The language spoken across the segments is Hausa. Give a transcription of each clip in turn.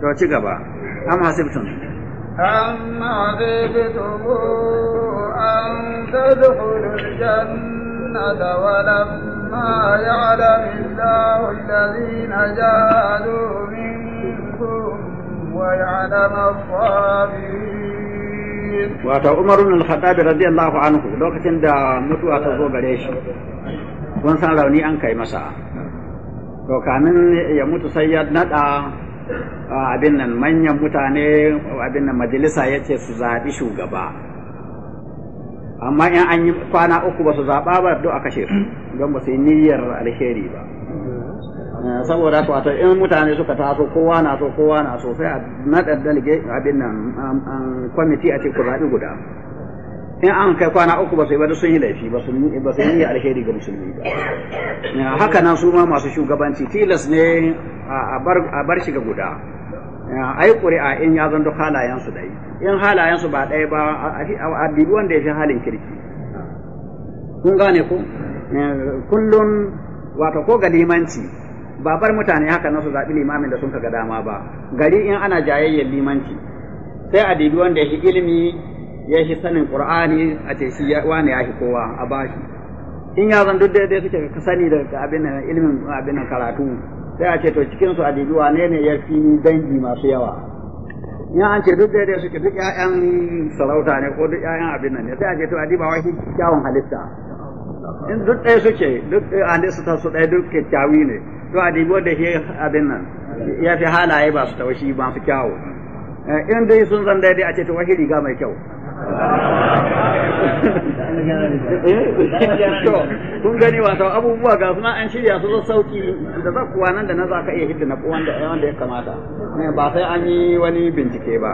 to ci gaba am hasibtum am hasibtum an tadkhulul jannata wa lam ma ya'lam illahu alladhina jahadu minkum wa ya'lam as-sabirin wato umar ibn al-khattab radiyallahu anhu lokacin da mutuwa ta zo gare shi kun san rauni an kai masa to kamin ya mutu sai ya nada Ah, abin nan manyan mutane abin nan majalisa ya ce su zaɓi shugaba amma in an yi kwana uku ba su zaɓa ba duk a kashe su don ba su yi niyyar alheri ba eh, saboda ko wato in mutane suka taso kowa na so kowa na so sai a nadar dalge abin nan um, um, kwamiti a ce ku zaɓi guda in an kai kwana uku ba su ba sun yi laifi ba su yi alheri ga musulmi ba eh, haka nan su ma masu shugabanci tilas ne a bar shi ga guda eh, a ƙuri'a in ya zan duk su dai. in halayensu ba ɗaya ba a bibi wanda ya fi halin kirki kun gane ku eh, kullum wata ko ga limanci ba bar mutane haka nan su zaɓi limamin da sun ka ga dama ba gari in ana jayayyar limanci sai a dibi wanda ya fi ilimi ya shi sanin qur'ani a ce shi wani ya shi kowa a bashi in ya zan duk daidai suke ka sani daga abin nan ilimin abin nan karatu sai a ce to cikin su adibi ne ne ya fi dangi masu yawa in an ce duk daidai suke duk ƴaƴan sarauta ne ko duk ƴaƴan abin nan ne sai a ce to adiba shi kyawun halitta in duk ɗaya suke duk halitta su ɗaya duk kyakkyawi ne to adibi da shi abin nan ya fi halaye ba su taushi ba su kyawu eh, in dai sun zan daidai a ce to wahiri riga mai kyau Eh? kun gani wato abubuwa ga suna an shirya su zo sauki da za kuwa nan da na za ka iya hidda na wanda ya kamata eh, ba sai an yi wani bincike ba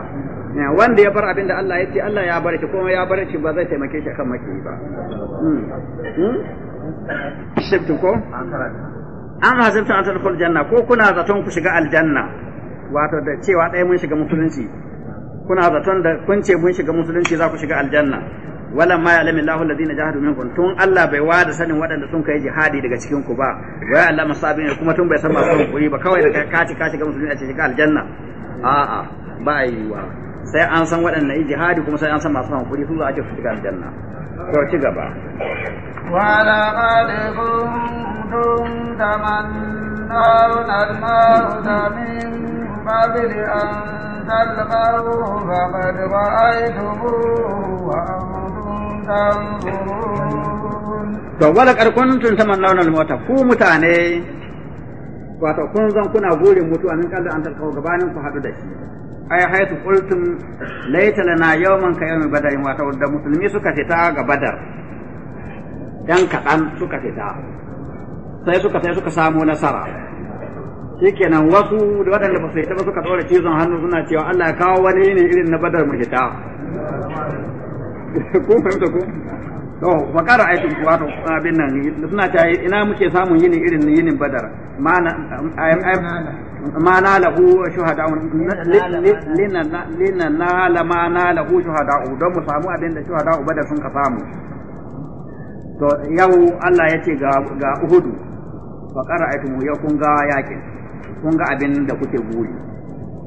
eh, wanda ya bar abin da Allah ya ce Allah ya bar shi kuma ya bar shi ba zai taimake shi kan maki ba hmm. hmm? shibtu ko an hasibta an tadkhul janna ko kuna zaton ku shiga aljanna wato da cewa ɗaya mun shiga musulunci kuna zaton da kun ce mun shiga musulunci za ku shiga aljanna wala ma ya'lamu Allahu alladhina jahadu minkum tun Allah bai wada sanin waɗanda sun kai jihadi daga cikin ku ba wa ya Allah kuma tun bai san masu hankuri ba kawai da ka ci ka shiga musulunci a cikin aljanna a'a ba yiwa sai an san waɗannan ijihadi kuma sai an san masu hankuri su za a ce su shiga aljanna to ci gaba ولقد كنتم تمنون الموت من قبل أن تلقوه فقد رأيتموه وأنتم تنظرون to wala karkon tun ta manna mota ku mutane wato kun zan kuna burin mutuwa nan kallan an talkawo gabanin ku haɗu da shi ay haitu qultum laita lana yawman ka yawmi badar wa da musulmi suka fita ga badar dan kaɗan suka fita sai suka sai suka samu nasara shikenan wasu da waɗanda ba su fita ba suka ɗora cizon hannu suna cewa Allah ya kawo wani ne irin na badar mu fita ko fahimta ko to wa qara ayatun wato abin nan suna cewa ina muke samun yini irin yinin badar ma'ana ma nalahu shuhada'u lina nala ma nalahu shuhada'u don mu samu abin da shuhada'u bada sun ka samu to yau Allah ya ce ga ga Uhudu fa qara'aytum yau kun ga yakin kun ga abin da kuke buri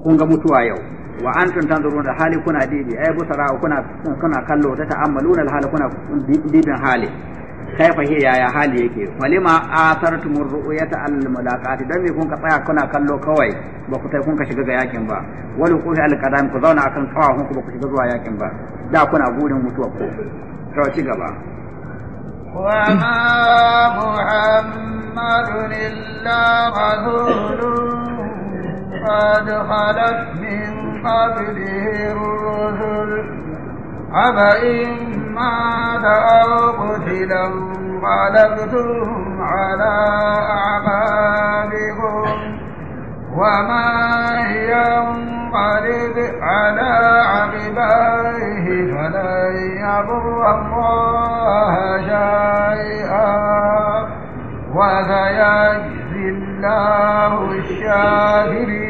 kun ga mutuwa yau wa antum tanzurun da hali kuna dibi ai busara kuna kuna kallo ta ta'ammaluna al hali kuna dibin hali kai hi yaya hali yake walima asartum ru'yata al mulaqati dan me kun ka tsaya kuna kallo kawai ba ku tai kun ka shiga ga yakin ba wal quhi al qadam ku zauna akan kawahun ku ba ku shiga zuwa yakin ba da kuna burin mutuwa ko to ci gaba وما محمد إلا رسول قد خلت من قبله الرسل أفإن مات أو قتلا انقلبتم على أعقابكم وما ينقلب على عقبائه فلن يضر الله شيئا وسيجزي الله الشاكرين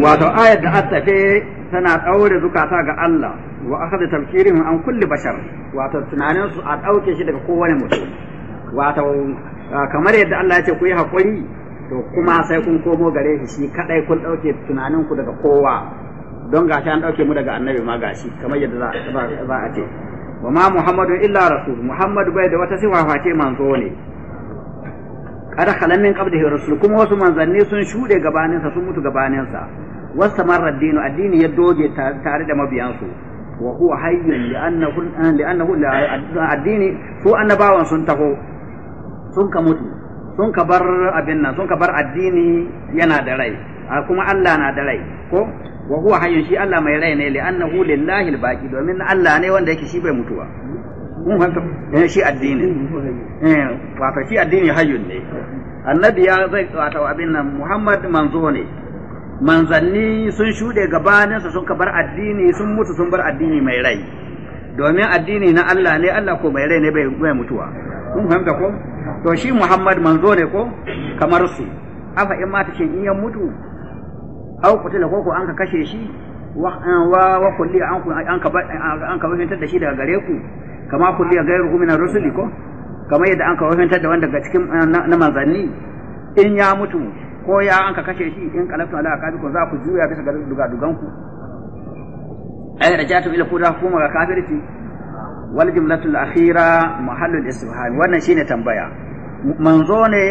wato ayat da atta ce tana daure zukata ga Allah wa akhadha tafkirihim an kulli bashar wato tunanin su a dauke shi daga kowane mutum wato kamar yadda Allah ya ce ku yi hakuri to kuma sai kun komo gare shi shi kadai kun dauke tunanin ku daga kowa don gashi an dauke mu daga annabi ma gashi kamar yadda za a ce wa ma muhammadu illa rasul muhammadu bai da wata sifa face manzo ne kada khalan min rasul kuma wasu manzanni sun shude gabaninsa sun mutu gabaninsa واستمر الدين الدين يدوج تارد ما بيانسو وهو حي لأنه لأنه الدين سو أن باوان سنتهو سنك متو سنك بر أبنا سنك بر الدين ينا kuma كما الله نا دلي ko wa huwa hayyun shi Allah mai rai ne li'annahu lillahi al domin Allah ne wanda yake shi bai mutuwa kun fahimta eh, shi addini eh wato shi addini hayyun ne annabi ya zai wato abin nan Muhammad manzo ne manzanni sun shuɗe gabaninsa sun bar addini sun mutu sun bar addini mai rai domin addini na Allah ne Allah ko mai rai ne bai mutuwa kun fahimta ko to shi Muhammad manzo ne ko kamar su afa in ma tace in ya mutu au kutila ko ko an ka kashe shi wa wa kulli an ku an ka an ka wajentar da shi daga gare ku kama kulli gairu min rusuli ko kama yadda an ka wajentar da wanda daga cikin na manzanni in ya mutu ko ya an ka kashe shi in qalabtu ala aqabi ko za ku juya bisa ga dugadugan ku ay rajatu ila kuda kuma ga kafirci wal jumlatul akhira mahallul istifham wannan shine tambaya manzo ne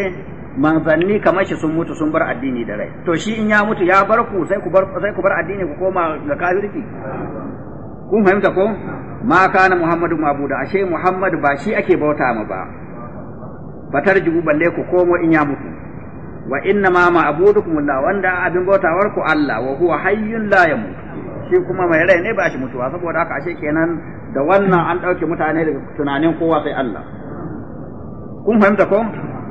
manzanni kamar shi sun mutu sun bar addini da rai to shi in ya mutu ya bar ku sai ku bar sai ku bar addini ku koma ga kafirci kun fahimta ko ma kana muhammadu mabuda ashe muhammadu ba shi ake bauta ma ba fatar jibu balle ku komo in ya mutu wa inna ma ma'budukum Allah wanda abin bautawar ku Allah wa huwa hayyun la yamut shi kuma mai rai ne ba shi mutuwa saboda haka ashe kenan da wannan an dauke mutane daga tunanin kowa sai Allah kun fahimta ko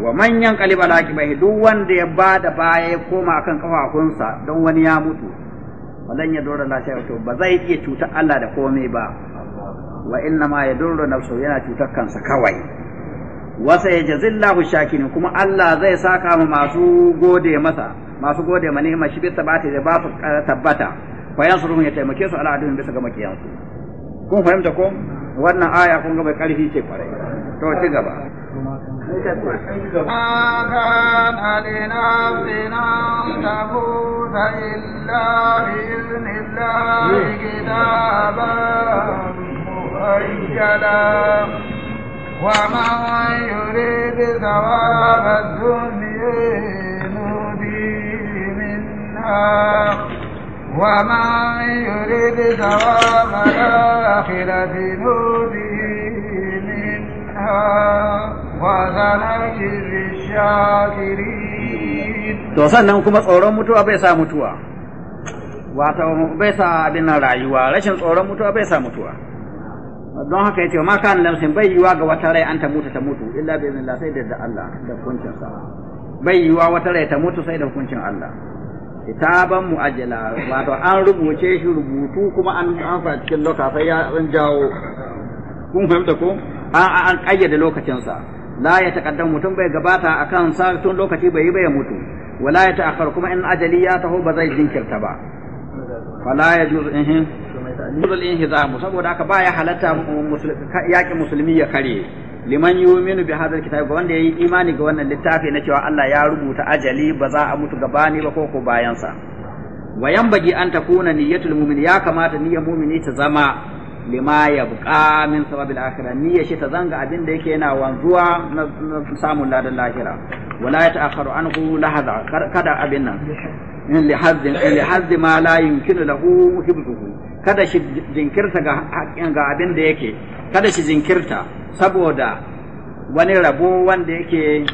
wa manyan kaliba laqibai duk wanda ya bada baya ya koma akan kafafunsa don wani ya mutu Wannan ya dora la sai to ba zai iya cutar Allah da komai ba wa inna ma yadurru nafsu yana cutar kansa kawai wasa ya jazillahu shakirin kuma Allah zai saka ma masu gode masa masu gode ma ni'imar shi bisa bata da ba su tabbata fa yansuruhu ya taimake su al'adun bisa ga makiyansu kun fahimta ko wannan aya kun ga mai karfi ce kwarai to ci gaba ما كان ومن يريد ثواب الدنيا نؤتيه منها ومن يريد ثواب الآخرة نؤتيه منها وسنجزي الشاكرين. To sannan kuma tsoron mutuwa bai sa Wato bai sa abin rayuwa, rashin tsoron mutuwa bai sa mutuwa. don haka ya ce ma kana nafsin bai yiwa ga wata rai an ta mutu ta mutu illa bi idhnillah sai da Allah da hukuncin sa bai yiwa wata rai ta mutu sai da hukuncin Allah kitaban mu'ajjala wato an rubuce shi rubutu kuma an an sa cikin lokaci sai ya an jawo kun fahimta ko an an kayyade lokacin sa la ya taqaddam mutum bai gabata akan sa tun lokaci bai yi bai mutu wala ya ta'akhkhar kuma in ajali ya taho ba zai jinkirta ba fala yajuzu eh, eh. in hizamu saboda haka baya halatta yaƙi musulmi ya kare liman yuminu bi hadal kitab wanda yayi imani ga wannan littafi na cewa Allah ya rubuta ajali ba za a mutu gabani ba ko ko bayan sa wa yanbaghi an takuna niyyatul mu'min ya kamata niyyar mu'mini ta zama lima yabqa min sababil akhirah niyya shi ta zanga abin da yake yana wanzuwa na samun ladan lahira wala ya ta'akharu anhu lahadha kada abin nan in lihazzi ma la yumkinu lahu hibzuhu kada shi jinkirta ga abin da yake kada shi jinkirta saboda wani rabo wanda yake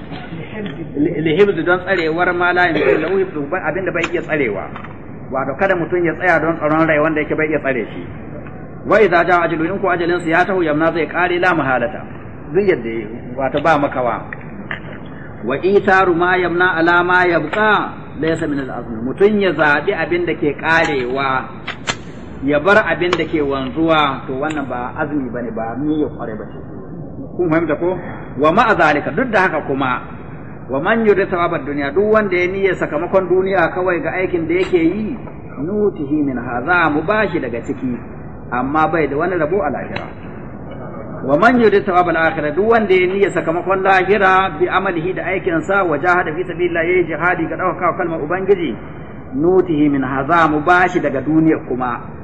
lihibdu don tsarewar ma layin yanzu abin da bai iya tsarewa wato kada mutum ya tsaya don tsaron rai wanda yake bai iya tsare shi Wai, za ja ajalu in ku ajalin sa ya tahu yamna zai kare la mahalata zai yadda wato ba makawa wa itaru ma yamna ala ma yabqa laysa min al-azm mutun ya zabi abin da ke karewa ya bar abin da ke wanzuwa to wannan ba azumi ba ne, ba ni ya kware ba kun fahimta ko wa ma zalika duk da haka kuma wa man yuridu thawabad dunya duk wanda ya niyya sakamakon duniya kawai ga aikin da yake yi nutihi min hadha mu bashi daga ciki amma bai da wani rabo a lahira wa man yuridu thawabal akhirah duk wanda ya niyya sakamakon lahira bi amalihi da aikin sa wa jahada fi sabilillah yayi jihadi ga dauka kalmar ubangiji nutihi min hadha mu bashi daga duniya kuma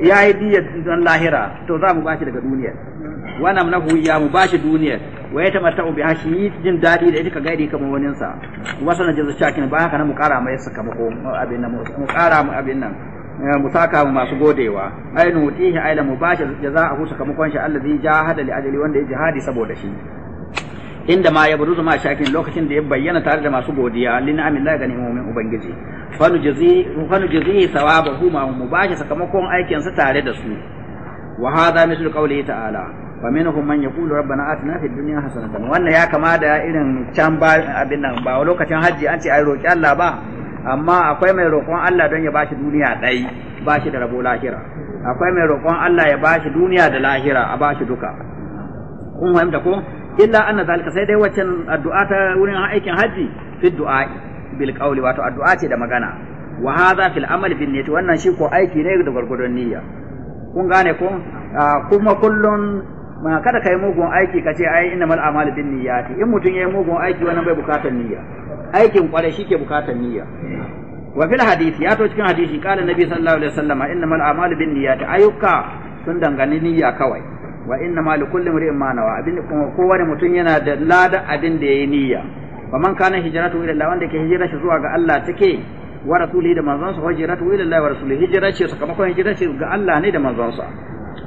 ya yi diya don lahira to za mu bashi daga duniya wannan na ya mu bashi duniya wa ya tamatta bi hashi jin daɗi da ita ka gaidi kamar wani sa wasa na jazu shakin ba haka na mu ƙara mai sakamako abin nan mu ƙara mu abin nan eh, mu saka mu masu godewa ainu mutihi ainihin mu bashi jaza'ahu sakamakon shi allazi jahada li ajali wanda ya jihadi saboda shi inda ma ya buruzu ma shafin lokacin da ya bayyana tare da masu godiya lin amillah ga nemomin ubangiji fanu jazi fanu jazi sawabahu ma mu bashi sakamakon aikin tare da su wa hadha mislu qawli ta'ala fa minhum man yaqulu rabbana atina fid dunya hasanatan wannan ya kama da irin can ba abin nan ba lokacin hajji an ce ai roki Allah ba amma akwai mai roƙon Allah don ya ba shi duniya ɗai shi da rabo lahira akwai mai roƙon Allah ya ba shi duniya da lahira a ba shi duka kun fahimta ko illa anna zalika sai dai waccan addu'a ta wurin aikin haji fi du'a bil qawli wato addu'a ce da magana wa hadha fil amal bin niyyati wannan shi ko aiki ne da gurgurdon niyya kun gane ko ah, kuma kullun ma kada kai mugun aiki ka ce ai innamal a'malu bin niyyati in mutum yayi mugun aiki wannan bai bukatar niyya aikin kware shike bukatar niyya wa fil hadisi ya to cikin hadisi qala nabi sallallahu alaihi wasallam innamal a'malu bin niyyati ayyuka sun dangane niyya kawai wa inna ma li kulli imrin ma nawa abin kuma kowane mutum yana da lada abin da yayi niyya wa man kana hijratu ila Allah wanda ke hijira shi zuwa ga Allah take wa rasulihi da manzon sa hijratu ila Allah wa rasulihi hijira ce sakamakon hijira shi ga Allah ne da manzon sa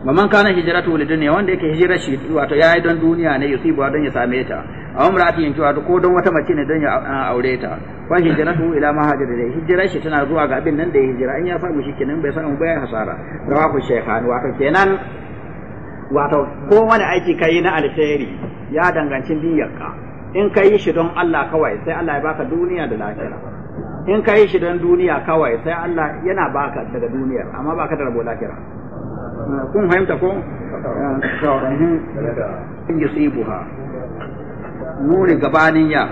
wa man kana hijratu li dunya wanda yake hijira shi wato yayi don duniya ne yusibu don ya same ta aw imra'atin yin wato ko don wata mace ne don ya aure ta wa hijratu ila ma hajira da hijira shi tana zuwa ga abin nan da ya hijira in ya samu shi kenan bai samu ba ya hasara rawahu shaykhan wa kenan wato ko wani aiki ka yi na alheri ya danganci niyyarka in ka yi shi don Allah kawai sai Allah ya baka duniya da lafiya in ka yi shi don duniya kawai sai Allah yana baka daga duniyar amma baka da rabo lafiya kun fahimta ko in yusibuha nuni gabanin ya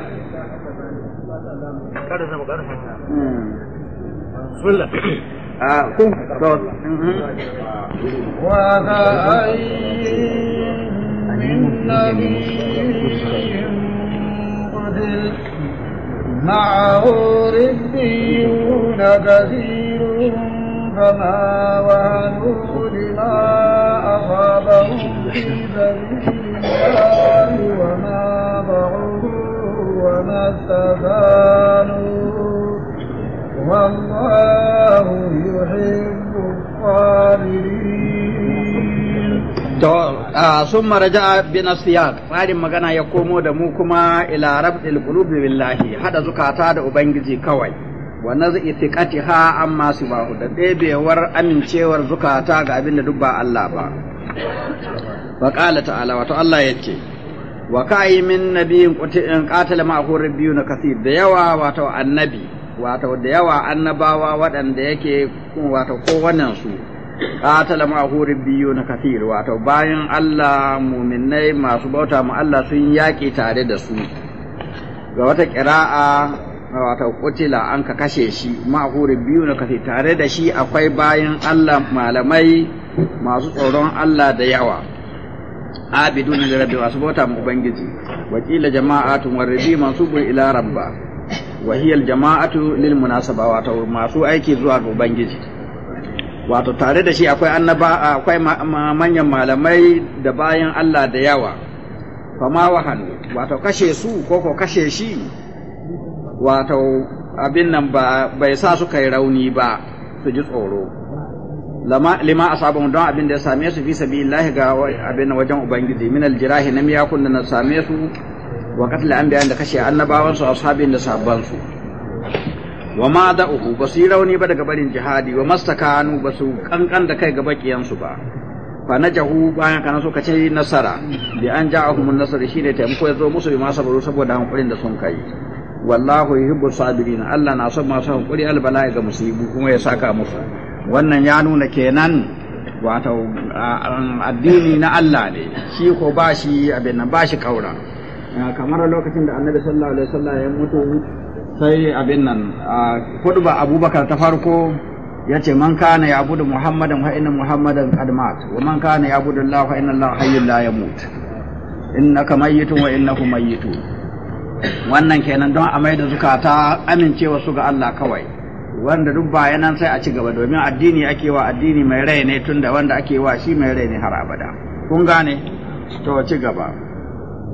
kada zama karfin hmm. وكأي من نبي قتل معه ربيون كثير فما وهنوا لما أصابهم في سبيل الله وما ضعوا وما استكانوا يحب الصابرين ثم رجع Farin tsarin magana ya komo da mu kuma ila rabdil qulubi billahi hada zukata da ubangiji kawai wa naz'i thiqatiha amma sibahu da ɗebewar amincewar zukata ga abin da duk ba Allah ba wa ta'ala wato Allah yake wa ka'i min nabiyin qatala biyu na kasi da yawa wato annabi wato da yawa annabawa waɗanda yake wato kowannen su qatala ma'ahu na kathir wato bayan Allah muminai masu bauta mu Allah sun yaƙi tare da su ga wata ƙira'a wato kutila an ka kashe shi ma'ahu na kathir tare da shi akwai bayan Allah malamai masu tsoron Allah da yawa abidun da rabbi masu bauta mu ubangiji wakila jama'atun masu mansubun ila rabba وهي الجماعة jama'atu واتو ما wato masu aiki zuwa واتو ubangiji wato tare da shi akwai annaba akwai manyan malamai da bayan Allah da yawa fama wahanu wato kashe su ko kashe shi wato abin nan ba bai sa su kai rauni ba su ji tsoro lima asabun don abin da ya same su fi sabilillahi ga abin wajen ubangiji min aljirahi na same su wa an bayan da kashe annabawansu a ashabin da sahabban wa ma uku ba su yi rauni ba daga barin jihadi wa kanu ba su kankan da kai ga bakiyansu ba fa jahu bayan kana so kace nasara bi an ja ja'ahum nasara shi ne taimako ya zo musu bi masa baro saboda hankulin da sun kai wallahu yuhibbu sabirin Allah na son masu hankuri albala'i ga musibu kuma ya saka musu wannan ya nuna kenan wato addini na Allah ne shi ko ba shi abin nan ba shi kaura Eh, kamar lokacin da annabi sallallahu alaihi wasallam ya mutu sai abin nan kudu ba abubakar ta farko ya ce man kana ya abudu muhammadan fa inna muhammadan qad mat wa man kana ya abudu allah fa inna allah hayyul la yamut innaka mayyitun wa innahum mayyitun wannan kenan don a maida zukata amincewa su ga Allah kawai wanda duk bayan nan sai a ci gaba domin addini ake wa addini mai rai ne tunda wanda ake wa shi mai rai ne har abada kun gane to ci gaba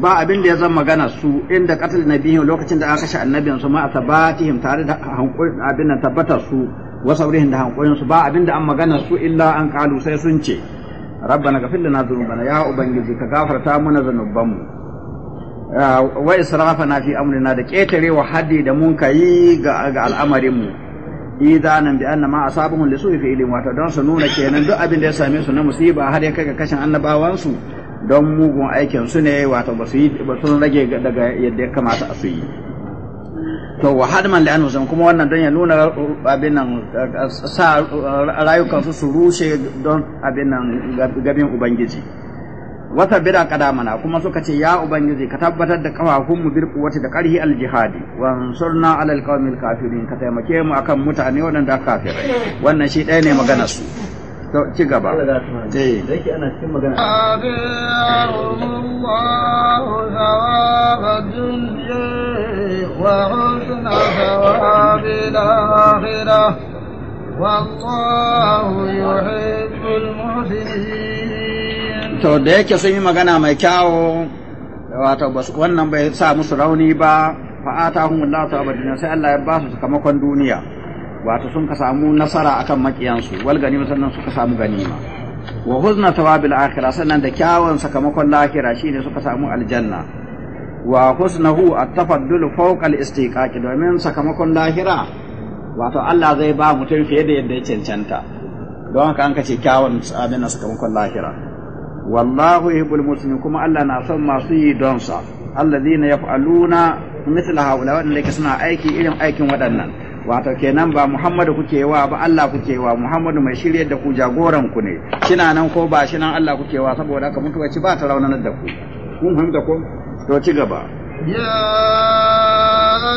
ba abin da ya zama magana su inda na biyu lokacin da aka kashe annabin su ma tabbatihim tare da hankulin abin nan tabbatar su wa saurihin da hankulin su ba abin da an magana su illa an kalu sai sun ce rabbana na lana dhunubana ya ubangiji ka gafarta mana zanubanmu wa israfana fi amrina da ketare wa haddi da mun yi ga al'amarin mu idanan bi anna ma asabahu lisu fi ilmi wata don su nuna kenan duk abin da ya same su na musiba har ya kai ga kashin annabawansu don mugun aikin su ne wato ba su yi ba sun rage daga yadda ya kamata a su yi to wa hadman li anfusihim kuma wannan don ya nuna abin nan sa rayukan su su rushe don abin nan gabin ubangiji wata bira kadamana kuma suka ce ya ubangiji ka tabbatar da kafafun mu birku wata da karhi al jihadi wa sunna ala al kafirin ka taimake mu akan mutane wadanda kafirai wannan shi ɗaya ne maganar su ci gaba eh. to da yake sun yi magana mai kyawo wato wannan bai sa musu rauni ba fa'atahum Allahu thawaba abadina sai Allah ya ba su sakamakon duniya wato sun ka samu nasara akan makiyansu wal ganima sannan suka samu ganima wa huzna thawabil akhirah sannan da kyawun sakamakon lahira shine suka samu aljanna wa husnahu at-tafaddul fawqa al-istiqaq domin sakamakon lahira wato Allah zai ba mutum fiye da yadda ya cancanta don haka an kace kyawun abin sakamakon lahira wallahu yuhibbul muslimin kuma Allah na son masu yi don sa alladhina yaf'aluna mithla haula wanda suna aiki irin aikin waɗannan wato kenan ba Muhammadu kuke wa ba Allah kuke wa Muhammadu mai shirye da ku jagoran ku ne shina nan ko ba shi nan Allah kuke wa saboda ka mutuwa ci ba ta raunanar da ku kun fahimta ko to ci gaba ya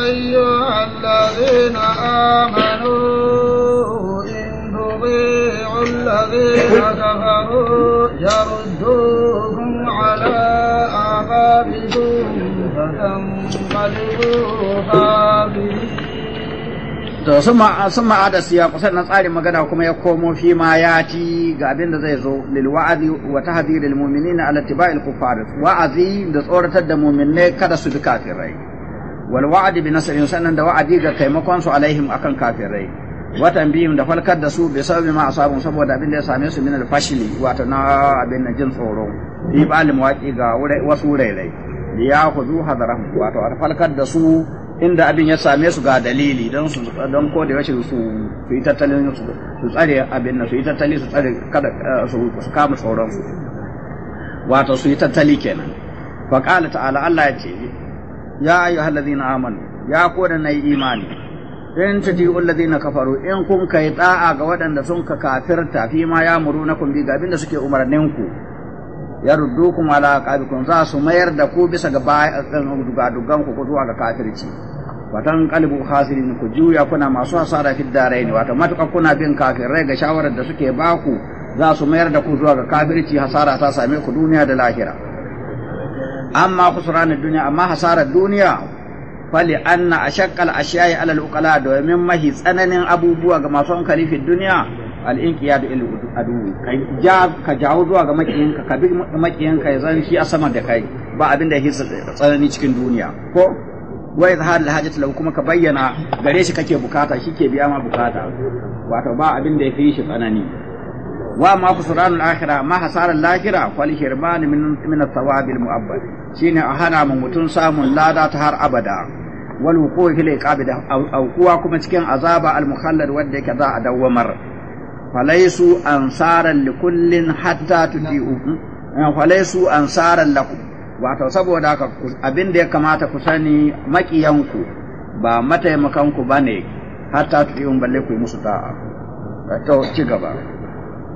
ayyuhallazina amanu in tubi'u allazina kafaru yaruddukum ala aqabikum to suma suma ada siyaqu sannan tsarin magana kuma ya komo fi ma yati ga abin da zai zo lil wa'azi wa tahdhir lil mu'minina ala ittiba'il kuffar wa'azi da tsoratar da mu'minai kada su bi kafirai wal wa'adi bi nasrin sannan da wa'adi ga taimakon su alaihim akan kafirai wa tanbihim da falkar da su bi sababi ma asabun saboda abin da ya same su min al wato na abin jin tsoro bi ba'al mawaqi ga wasu rairai liyakhudhu hadarahum wato falkar da su inda abin ya same su ga dalili don su don ko da yashi su su yi tattalin su tsare abin nan su yi tattali su tsare kada eh, su kama tsoron su wato su yi tattali kenan fa qala ta'ala Allah ya ce ya na amanu ya ko da nayi imani in tati'u alladhina kafaru in kun kai da'a ga waɗanda sun ka kafirta fi ma ya na bi ga abin da suke umarnin ku ya kuma ala aqabikum za su mayar da ku bisa ga dugadugan eh, ku zuwa ga kafirci watan kalibu hasirin ku juya kuna masu hasara fi darain wato matuƙa kuna bin rai ga shawarar da suke baku za su mayar da ku zuwa ga kafirci hasara ta same ku duniya da lahira amma ku khusranin duniya amma hasarar duniya fali anna ashaqqal ashiya'i alal uqala domin mahi tsananin abubuwa ga masu hankali fi duniya al inqiyadu ilu adu ja ka jawo zuwa ga makiyinka ka bi makiyinka ya zan shi a sama da kai ba abin da yake tsanani cikin duniya ko wa izhar alhajat lahu kuma ka bayyana gare shi kake bukata shi ke biya ma bukata wato ba abin da yafi shi tsanani wa ma kusuranul akhirah ma hasaran lahira fal hirman min min athawabil mu'abbad shine a hana mu mutun samun lada ta har abada wal wuqu fil iqab da aukuwa kuma cikin azaba al mukhallad wanda yake za a dawwamar falaisu ansaran likullin hatta tudiu eh, falaisu ansaran lakum wato saboda haka abin da ya kamata ku sani makiyanku, ba mataimakanku ba ne hatta ta yi balle ku yi musu ta'a to ci gaba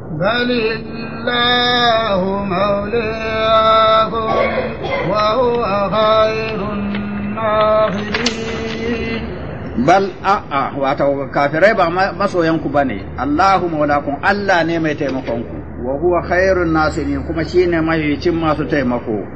بل الله مولاكم وهو خير الناصرين بل أأ واتو كافرين با مسويانكو بني الله مولاكم الله نيمي تيمكونكو وهو خير الناصرين كما شيني ما يتم ما taimako.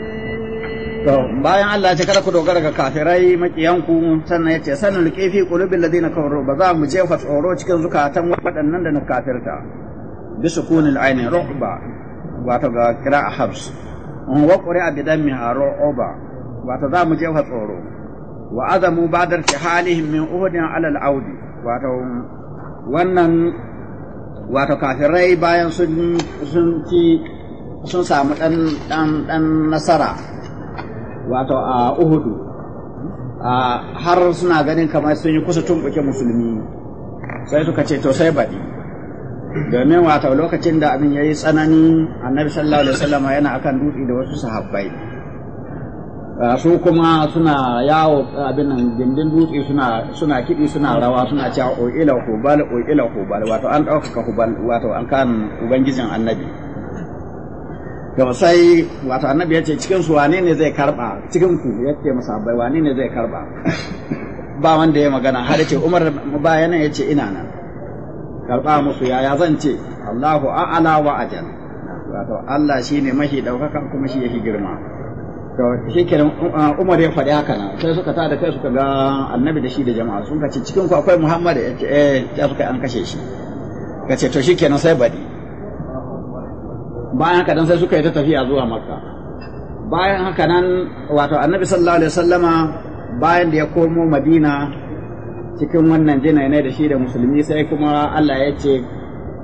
bayan Allah ce kada ku dogara ga kafirai makiyanku sannan ya ce sanin riƙe fi kafaru ba za mu jefa tsoro cikin zukatan waɗannan da na kafirta bi sukunil aini ru'ba wato ga habs wa bi ru'ba wato za mu jefa tsoro wa azamu badar halihim min uhudin audi wato wannan wato kafirai bayan sun sun ci sun samu dan dan nasara wato a uhudu har suna ganin kamar sun yi kusa tumɓuke musulmi sai suka ce to sai baɗi domin wato lokacin da abin ya yi tsanani annabi sallallahu alaihi wasallama yana akan dutse da wasu sahabbai su kuma suna yawo abin nan gindin dutse suna suna kiɗi suna rawa suna cewa o ila hubal o ila hubal wato an ɗaukaka hubal wato an kan ubangijin annabi to sai wata annabi ya ce cikin su wane ne zai karba cikin ku ya ce masa bai wane ne zai karba ba wanda ya magana har ce umar bayanan ya ce ina nan karba musu yaya zan ce allahu a'ala wa ajal wato allah shine mahi daukaka kuma shi yake girma to shi kenan uh, umar ya faɗi haka nan sai suka tada kai suka ga annabi da shi da jama'a sun ka ce cikin ku akwai muhammad ya ce eh suka an kashe shi ka ce to shi kenan sai baɗi bayan haka dan sai suka yi ta tafiya zuwa makka bayan haka nan wato annabi sallallahu alaihi wasallama bayan da ya komo madina cikin wannan jinai ne da shi da musulmi sai kuma Allah ya ce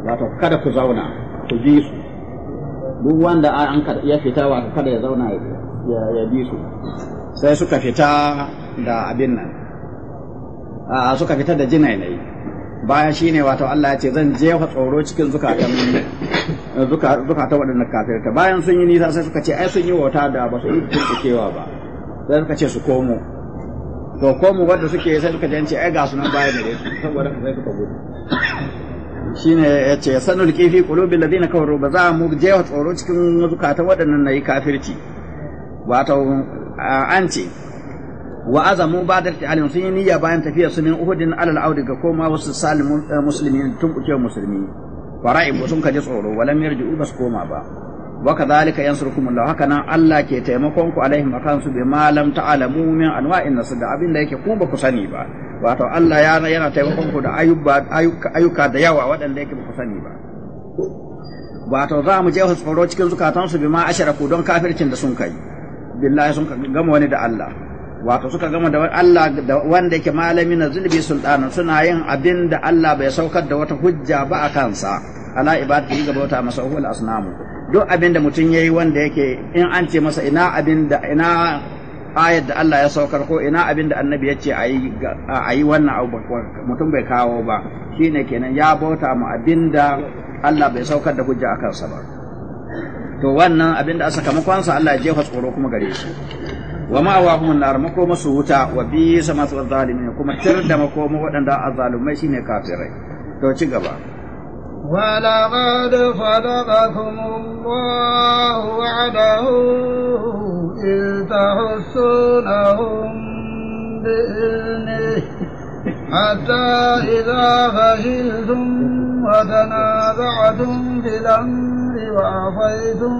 wato kada ku zauna ku bi su duk wanda an ya fita wato kada ya zauna ya bi su sai suka fita da abin nan ah, suka fita da jinai ne bayan shine wato Allah ya ce zan jefa tsoro cikin zukatan zukatan waɗannan kafirta bayan sun yi nisa sai suka ce ai sun yi wata da ba su yi kewa ba sai suka ce su komo to komo wanda suke sai suka ce ai ga sunan baya da su saboda sai suka gudu shine ya ce da kifi qulubil na kafaru ba za mu jefa tsoro cikin zukatan waɗannan yi kafirci wato an ce wa azamu ba'da ihtihalin sun yi niyya bayan tafiyar su min uhudin alal audi ga koma wasu salimun eh, muslimin tun kuce musulmi fara'ibu sun kaji tsoro walam yarji'u bas koma ba wa kadhalika yansurukumullahu haka nan Allah ke taimakon ku alaihim akan su bi ma lam min anwa'in nasu da abin da yake kuma ba ku sani ba wato Allah ya yana taimakon ku da ayyuka da yawa waɗanda yake ba ku sani ba wato za mu je tsoro cikin zukatansu bi ma ku don kafircin da sun kai billahi sun gama wani da Allah wato suka gama da Allah da wanda yake malami na zulbi sultana, suna yin abin da Allah bai saukar da wata hujja ba a kansa ala ibadati ga bauta masa uhul asnamu duk abin da mutum yayi wanda yake in an ce masa ina abin da ina ayar da Allah ya saukar ko ina abin da annabi ya ce a yi wannan abu mutum bai kawo ba shine kenan ya bauta mu abin da Allah bai saukar da hujja a kansa ba to wannan abin da a sa Allah ya jefa tsoro kuma gare shi wa ma wa hum nar mako masu wuta wa bi sama su zalimin kuma tar da mako waɗanda wadanda azalumai shine kafirai to ci gaba wa la qad fadakum allah wa'adahu in tahsunahum bi'ni حتى إذا فشلتم وتنازعتم في الأمر وعصيتم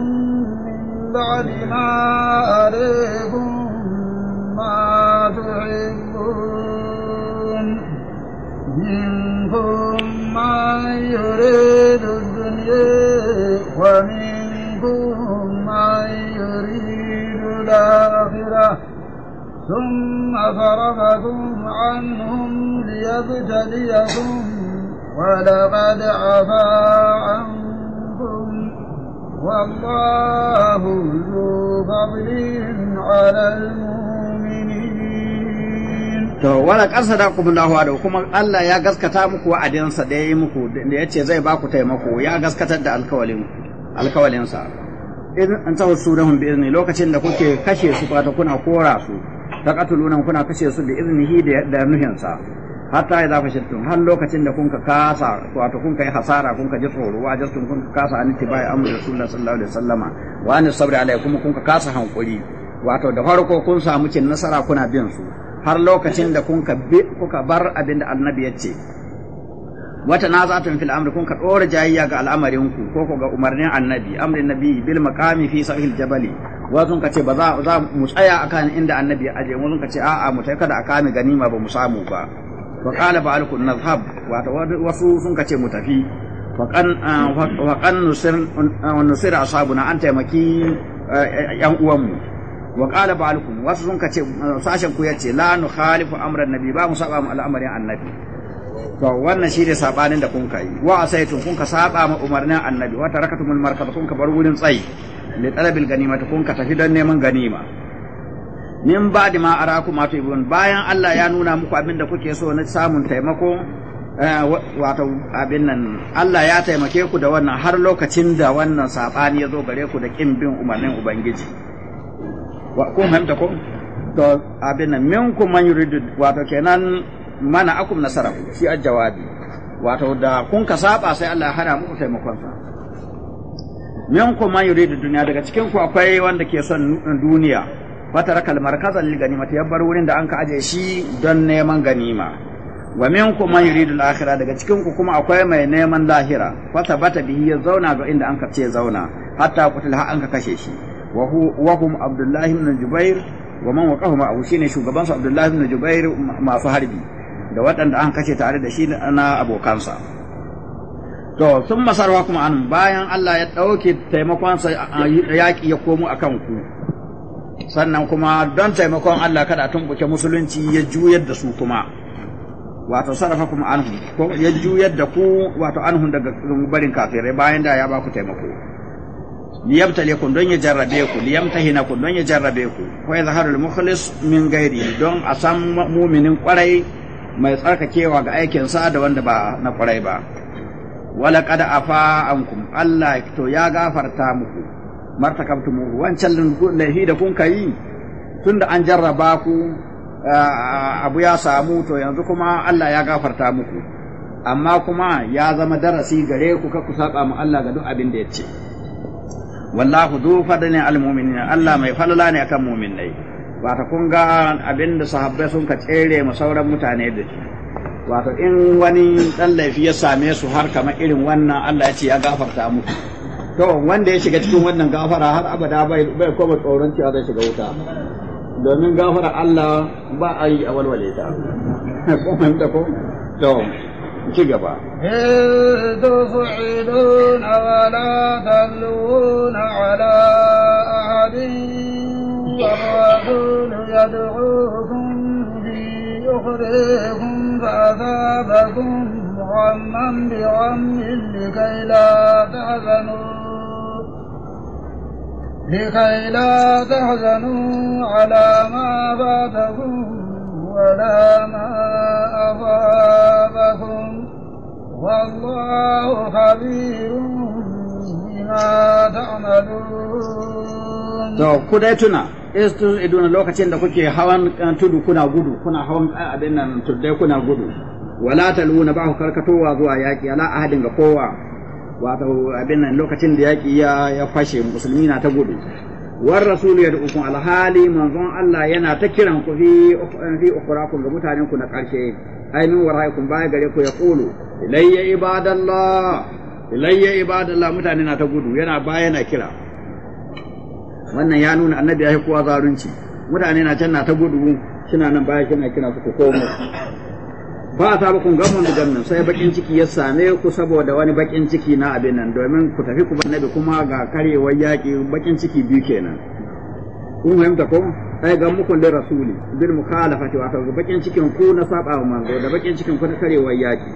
من بعد ما أريكم ما تحبون منكم من يريد الدنيا ومنكم من يريد الآخرة ثم فرغكم عنهم ليبتليكم ولقد عفا عنكم والله ذو فضل على المؤمنين to wala ku kuma Allahu da kuma Allah ya gaskata muku wa'adinsa da yayi muku da yace zai ba ku taimako ya gaskatar da alkawalin alkawalinsa idan an tawo su da hun bi'izni lokacin da kuke kashe su fata kuna kora su ta katulunan kuna kashe su da iznihi da sa yi zafi shirkin har lokacin da kun ka kasa wato kun yi hasara kun ka ji tsoro wa jastum kun ka kasa an amur da rasulullahi sallallahu alaihi wasallama wa an sabri alai kuma kun ka kasa hankuri wato da farko kun samu cin nasara kuna bin su har lokacin da kun ka bi kuka bar abin da annabi ya ce wata na zatun fil amri kun ka dora jayayya ga al'amarin ku ko ko ga umarnin annabi amrin nabi bil maqami fi sahil jabali wazun ka ce ba za mu tsaya akan inda annabi ya aje wazun ka ce a'a mu tai kada a kame ganima ba mu samu ba wa qala ba'alku nadhhab wato wasu sun kace mu tafi wa qan ah, ah, nusir ashabuna an taimaki eh, yan uwanmu wa qala ba'alkum wasu sun kace ah, sashen ku yace la nu khalifu amran ba mu saba mu al'amarin annabi to wannan shine sabanin da kun kai wa asaitun kun ka saba ma umarnin annabi wa kun ka bar wurin tsayi li talabil ganimata tafi don neman ganima min ba da ma araku mato ibn bayan Allah ya nuna muku abin da kuke so na samun taimako eh, wato abin nan Allah ya taimake ku da wannan har lokacin da wannan sabani ya zo gare ku da kin bin umarnin ubangiji wa kun hamta ko to abin nan ku man yuridu wato kenan mana akum nasara shi jawabi wato da kun ka saba sai Allah ya hana muku min ku man yuridu duniya daga cikin ku akwai wanda ke son duniya fataraka al-markaza lil ya bar wurin da an ka aje shi don neman ganima wa minkum man yuridu al-akhirah daga cikin ku kuma akwai mai neman lahira fa tabata bihi ya zauna ga inda an ka ce zauna hatta kutul ha an ka kashe shi wa hum abdullahi ibn jubair wa man waqahuma abu shine shugaban su abdullahi ibn jubair masu harbi da waɗanda an kashe tare da shi na abokansa to sun masarwa kuma an bayan Allah ya ɗauke taimakonsa sa yaƙi ya komo akan ku sannan kuma don taimakon Allah kada a tumbuke musulunci ya juyar da su kuma wato sarrafa kuma anhu ko ya juyar da ku wato anhu daga barin kafirai bayan da ya ba ku taimako liyabtalikum don ya jarrabe ku ku don ya jarrabe ku ko ya zaharul mukhlis min gairi don a san mu'minin kwarai mai tsarkakewa ga aikin sa da wanda ba na kwarai ba wala qad afa ankum Allah to ya gafarta muku martakabtumu wancan laifi da kun kai tunda an jarraba ku abu ya samu to yanzu kuma Allah ya gafarta muku amma kuma ya zama darasi gare ku ka ku saba mu Allah ga duk abin da ya ce wallahu du fadlin al mu'minina Allah mai falala ne akan mu'minai wato kun ga abin da sahabbai sun ka tsere mu sauran mutane da shi wato in wani dan laifi ya same su har kamar irin wannan Allah ya ce ya gafarta muku to wanda ya shiga cikin wannan gafara har abada bai bai kuma tsoron cewa zai shiga wuta domin gafara Allah ba a yi a walwale ta ko mun ta ko to ci gaba تفعلون ولا wa على أحد والرسول يدعوكم في أخريكم فأثابكم غما بغم لكي لا تحزنوا لكي لا تحزنوا على ما فاتكم ولا ما أصابكم والله خبير بما تعملون to ku dai tuna istu iduna lokacin da kuke hawan eh, tudu kuna gudu kuna hawan eh, abin nan tuddai kuna gudu wala taluna ba ku karkatowa zuwa yaki ala ahadin ga kowa wato abin nan lokacin da yaƙi ya fashe musulmi na ta gudu war rasulu ya da'ukun alhali manzon Allah yana ta kiran ku fi fi ukurakum ga mutanen ku na ƙarshe ai min waraikum baya gare ku ya qulu ilayya ibadallah ilayya ibadallah mutane na ta gudu yana baya yana kira wannan ya nuna annabi ya kowa zarunci mutane na can na ta gudu suna nan baya kina kira su ku komo Ba ga mun gamun nan sai bakin ciki ya same ku saboda wani bakin ciki na abin nan domin ku tafi ku annabi kuma ga karewar yaki bakin ciki biyu kenan kun fahimta ko ai ga muku da rasuli bil mukhalafati ta bakin cikin ku na saba wa manzo da bakin cikin ku na karewar yaki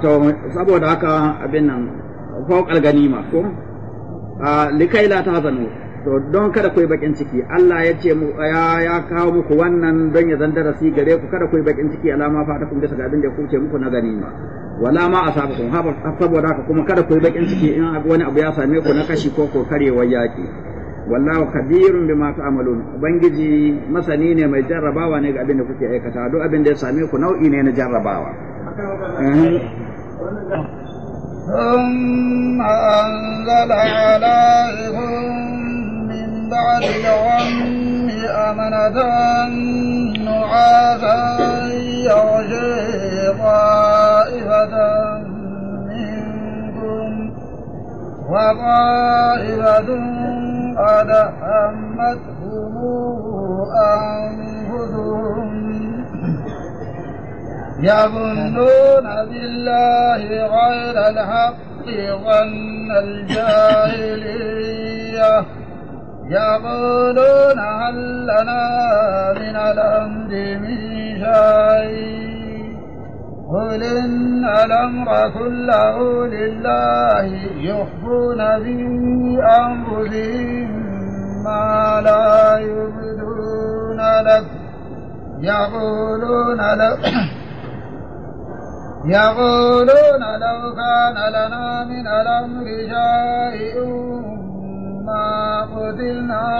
to saboda haka abin nan fawqal ganima ko likai la zanu to don kada ku yi bakin ciki Allah ya ce mu ya ya kawo muku wannan don ya zan darasi gare ku kada ku yi bakin ciki alama fa ta kun bisa ga abin da ku ce muku na gani ma. wala ma asabakum saboda haka kuma kada ku yi bakin ciki in wani abu ya same ku na kashi ko ko karewar yaki wallahu kabirun bima ta'malun ubangiji masani ne mai jarrabawa ne ga abin da kuke aikata duk abin da ya same ku nau'i ne na jarrabawa ثم أنزل عليهم من بعد الغم أمنة نعاسا يغشي طائفة منكم وطائفة قد همتهم أنفسهم يظنون بالله غير الحق ظن الجاهليه يقولون هل لنا من الأمر من شيء قل إن الأمر كله لله يخفون في أنفسهم ما لا يبدون لك يقولون لك يقولون لو كان لنا من الأمر شيء ما قتلنا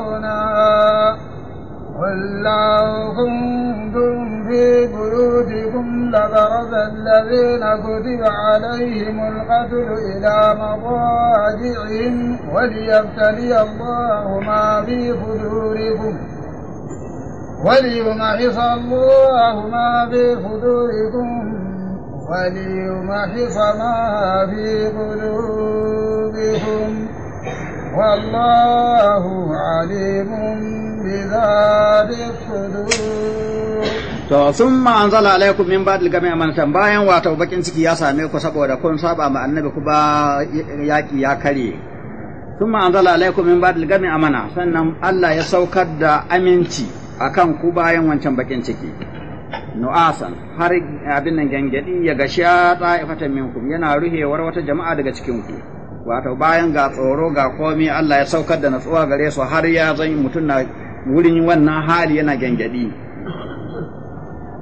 هنا ولو كنتم في بيوتكم لبرز الذين كتب عليهم القتل إلى مضاجعهم وليبتلي الله ما في صدوركم وليمحص الله ما في صدوركم وليمحص ما في قلوبهم والله عليم بذات الصدور to sun ma'anzala alaikum min ba'd game amanatan bayan wato bakin ciki ya same ku saboda kun saba ma annabi ku ba yaki ya kare sun ma'anzala alaikum min ba'd game amana sannan Allah ya saukar da aminci akan ku bayan wancan bakin ciki nu'asan har abin nan gangadi ya gasha ta'ifatan minkum yana ruhewar wata jama'a daga cikin ku wato bayan ga tsoro ga komi Allah ya saukar da natsuwa gare su har ya zan mutum na wurin wannan hali yana gangadi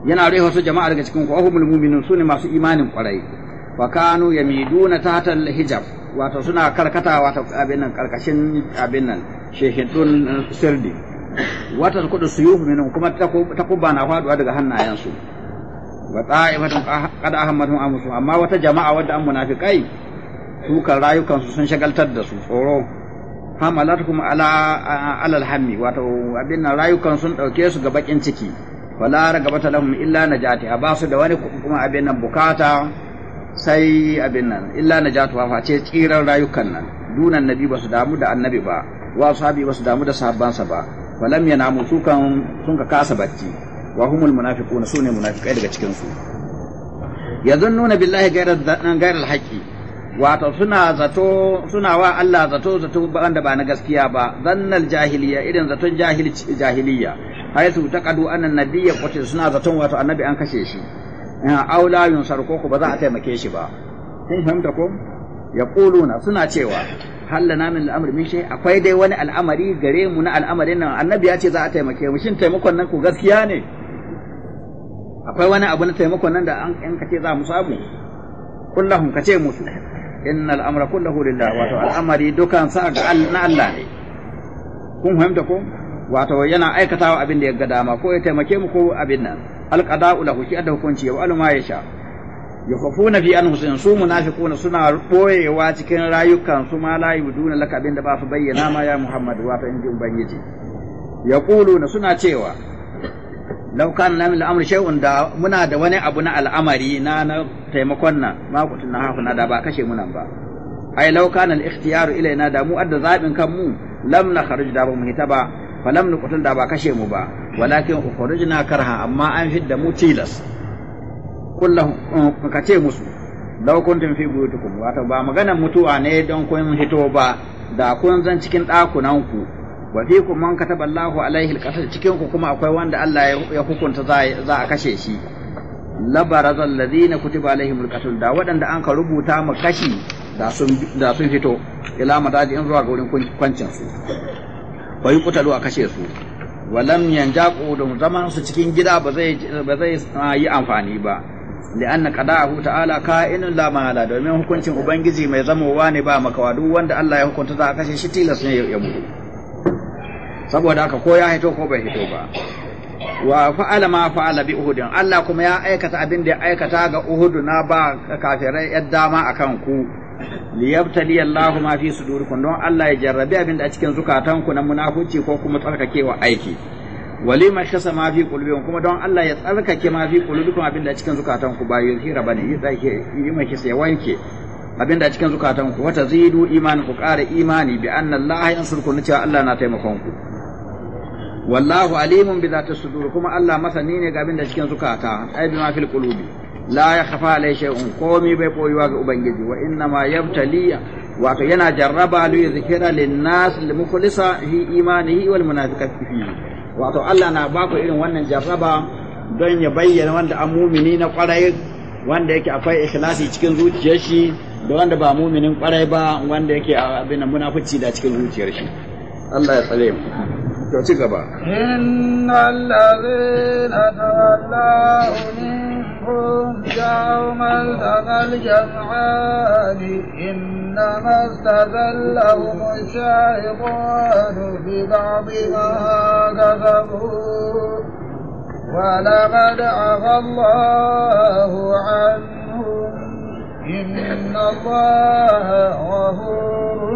yana ruhe wasu jama'a daga cikin ku ahumul mu'minun sune masu imanin kwarai fa kanu yamiduna tatal hijab wato suna karkata wato abin nan karkashin abin nan shehidun uh, sirdi watan kudu suyufu minhum kuma ta kuba na faduwa daga hannayensu wa ta'ifatun qad ahammatum amsu amma wata jama'a wadda an munafiqai su kan rayukansu sun shagaltar da su tsoro hamalatkum ala alal hammi wato abin rayukan sun dauke su ga bakin ciki wala ragabata lahum illa najati ba su da wani kuma abin nan bukata sai abin nan illa najatu wa face tsiran rayukan nan dunan nabi ba su damu da annabi ba wa sahabi ba su damu da sahabbansa ba falam namu su kan sun ka kasa bacci wa humul munafiquna sune munafiqai daga cikin su yazunnuna billahi ghayra ghayra alhaqi wato suna zato suna wa Allah zato zato wanda ba na gaskiya ba zannal jahiliya irin zaton jahiliya haisu taqadu anna nabiyya qatil suna zaton wato annabi an kashe shi ah, aula yun sarko ko ba za a taimake shi ba kun fahimta ko yaquluna suna cewa hallana min al'amr min shay akwai dai wani al'amari gare mu na al'amarin nan annabi ya ce za a taimake mu shin taimakon nan ku gaskiya ne akwai wani abu na taimakon nan da an in kace za mu samu kullahum kace musu innal amra kullahu lillah wato al'amari dukan sa ga na Allah ne kun fahimta ko wato yana aikatawa abin da ya ga dama ko ya taimake mu ko abin nan alqada'u lahu shi da hukunci wa alma sha. yakhafuna fi anfusihim su munafiquna suna boyewa cikin rayukan su ma la yuduna laka abin da ba su bayyana ma ya Muhammad wa in inji ubangiji yaquluna suna cewa law kana lam al amr shay'un da muna da wani abu na al'amari na na taimakon nan ma kutuna na hafu na da ba kashe mu nan ba ai law kana al-ikhtiyar ilaina da mu adda zabin kan mu lam na da ba mu hita ba falam kutun da ba kashe mu ba walakin ukhrujna karha amma an fidda mu tilas kace mm, ka ce musu law kuntum fi buyutikum wato ba maganar mutuwa ne don kun hito ba da kun zan cikin ɗakunan ku wa fikum man kataba Allahu alaihi alqatl cikin ku kuma akwai wanda Allah ya hukunta za a kashe shi labaraza alladhina kutiba alaihim alqatl da waɗanda an ka rubuta mu kashi da sun da sun fito ila madaji in zuwa ga wurin kwancin su wa yuqtalu a kashe su walam yanjaqu dum zaman su cikin gida ba zai ba zai ah, yi amfani ba li'anna qada'ahu ta'ala ka'inun la mahala domin hukuncin ubangiji mai zamowa ne ba makawa duk wanda Allah ya hukunta za a kashe shi tilas ne ya mutu saboda haka ko ya hito ko bai hito ba wa fa'ala ma fa'ala Allah kuma ya aikata abin da ya aikata ga uhudu na ba kafirai yar dama akan ku liyabtali Allahu ma fi sudurikum don Allah ya jarrabi abinda da a cikin zukatanku na munafuci ko kuma tsarkakewa aiki walima kasa ma fi qulubikum kuma don Allah ya tsarkake ma fi qulubikum abinda a cikin zukatan ku ba hira bane yi tsake yi mai kisa ya wanke abinda cikin zukatan ku wata zidu imani, ku ƙara imani bi anna Allah yansurku na cewa Allah na taimakon ku wallahu alimun bi zati sudur kuma Allah masani ne ga abinda cikin zukata ai bi ma fil qulubi la yakhfa alai shay'un komi bai koyuwa ga ubangiji wa inna ma yabtali wato yana jarraba li yadhkira lin nas li mukhlisa hi imanihi wal munafiqati fihi wato Allah na ba ku irin wannan jarraba don ya bayyana wanda an mumini na kwarai wanda yake akwai ikhlasi cikin zuciyar shi da wanda ba muminin kwarai ba wanda yake abin munafuci da cikin zuciyar shi Allah ya tsare mu to ci gaba innal ladina tawallaw minkum yawmal taqal jam'ani innama istadallahum shaytanu bi ba'di ma kasabu ولقد عفى الله عنهم إن الله غفور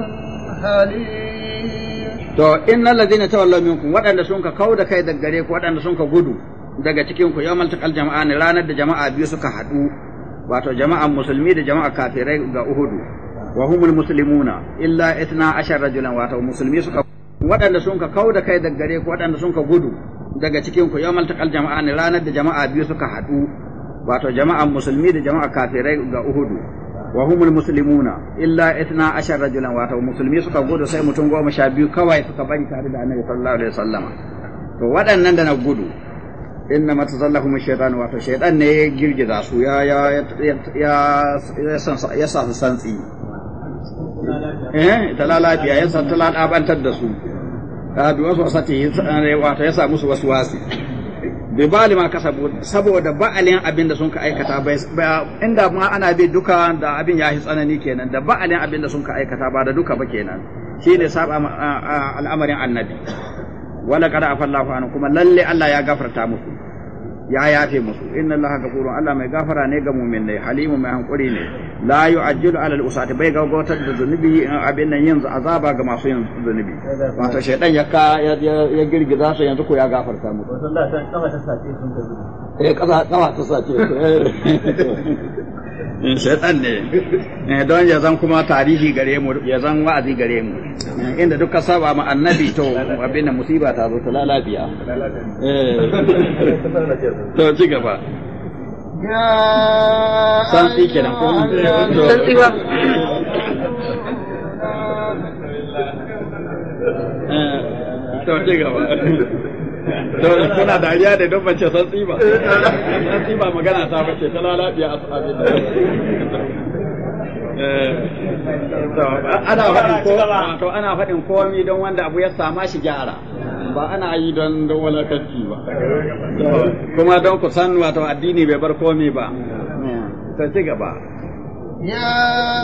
حليم to innal ladina tawallaw minkum waɗanda sun ka da kai daga gare ku waɗanda sun ka gudu daga cikin ku yawmal jama'a jama'an ranar da jama'a biyu suka haɗu wato jama'an musulmi da jama'a kafirai ga uhudu wa humul muslimuna illa itna ashar rajulan wato musulmi suka waɗanda sun ka da kai daga gare ku waɗanda sun ka gudu daga cikin ku yawmal jama'a jama'an ranar da jama'a biyu suka haɗu wato jama'an musulmi da jama'a kafirai ga uhudu wa humul muslimuna illa ithna ashar rajulan wato musulmi suka gudu sai mutum goma sha biyu kawai suka bari tare da annabi sallallahu alaihi wasallama to waɗannan da na gudu inna ma tasallahu min shaytan wato shaytan ne ya girgiza su ya ya ya ya sa su santsi eh ta lalafiya ya sa ta lalabantar da su ta bi wasu wasati wato ya sa musu wasu wasi bi ma kasabu saboda ba'alin abin da sun ka aikata ba inda ma ana bi duka da abin ya yi tsanani kenan da ba'alin abin da sun ka aikata ba da duka ba kenan shine saba al'amarin annabi wala qad afallahu an kuma lalle Allah ya gafarta muku ya yafe musu inna allaha ghafurun allah mai gafara ne ga ne halimu mai hankuri ne la yu'ajjilu alal usati bai gaugatar da zunubi in abin nan yanzu azaba ga masu yin zunubi wato shaydan ya ka ya girgiza su yanzu ko ya gafarta musu wato allah ta kama ta sace sun da zunubi eh kasa kama ta sace Eh, shaitan ne eh, don ya zan kuma tarihi gare mu ya zan wa'azi gare mu eh, inda duka saba ma annabi to abinda musiba ta zo ta lalabiya to ci gaba san tsi kenan ko san tsi ba to ci gaba to kuna dariya da don bace san tsiba san tsiba magana ta bace ta lalabiya ashabi eh, ana faɗin ko to ana faɗin komi don wanda abu ya sama shi gyara ba ana yi don don walakanci ba kuma don ku san wato addini bai bar komi ba ta ci gaba يا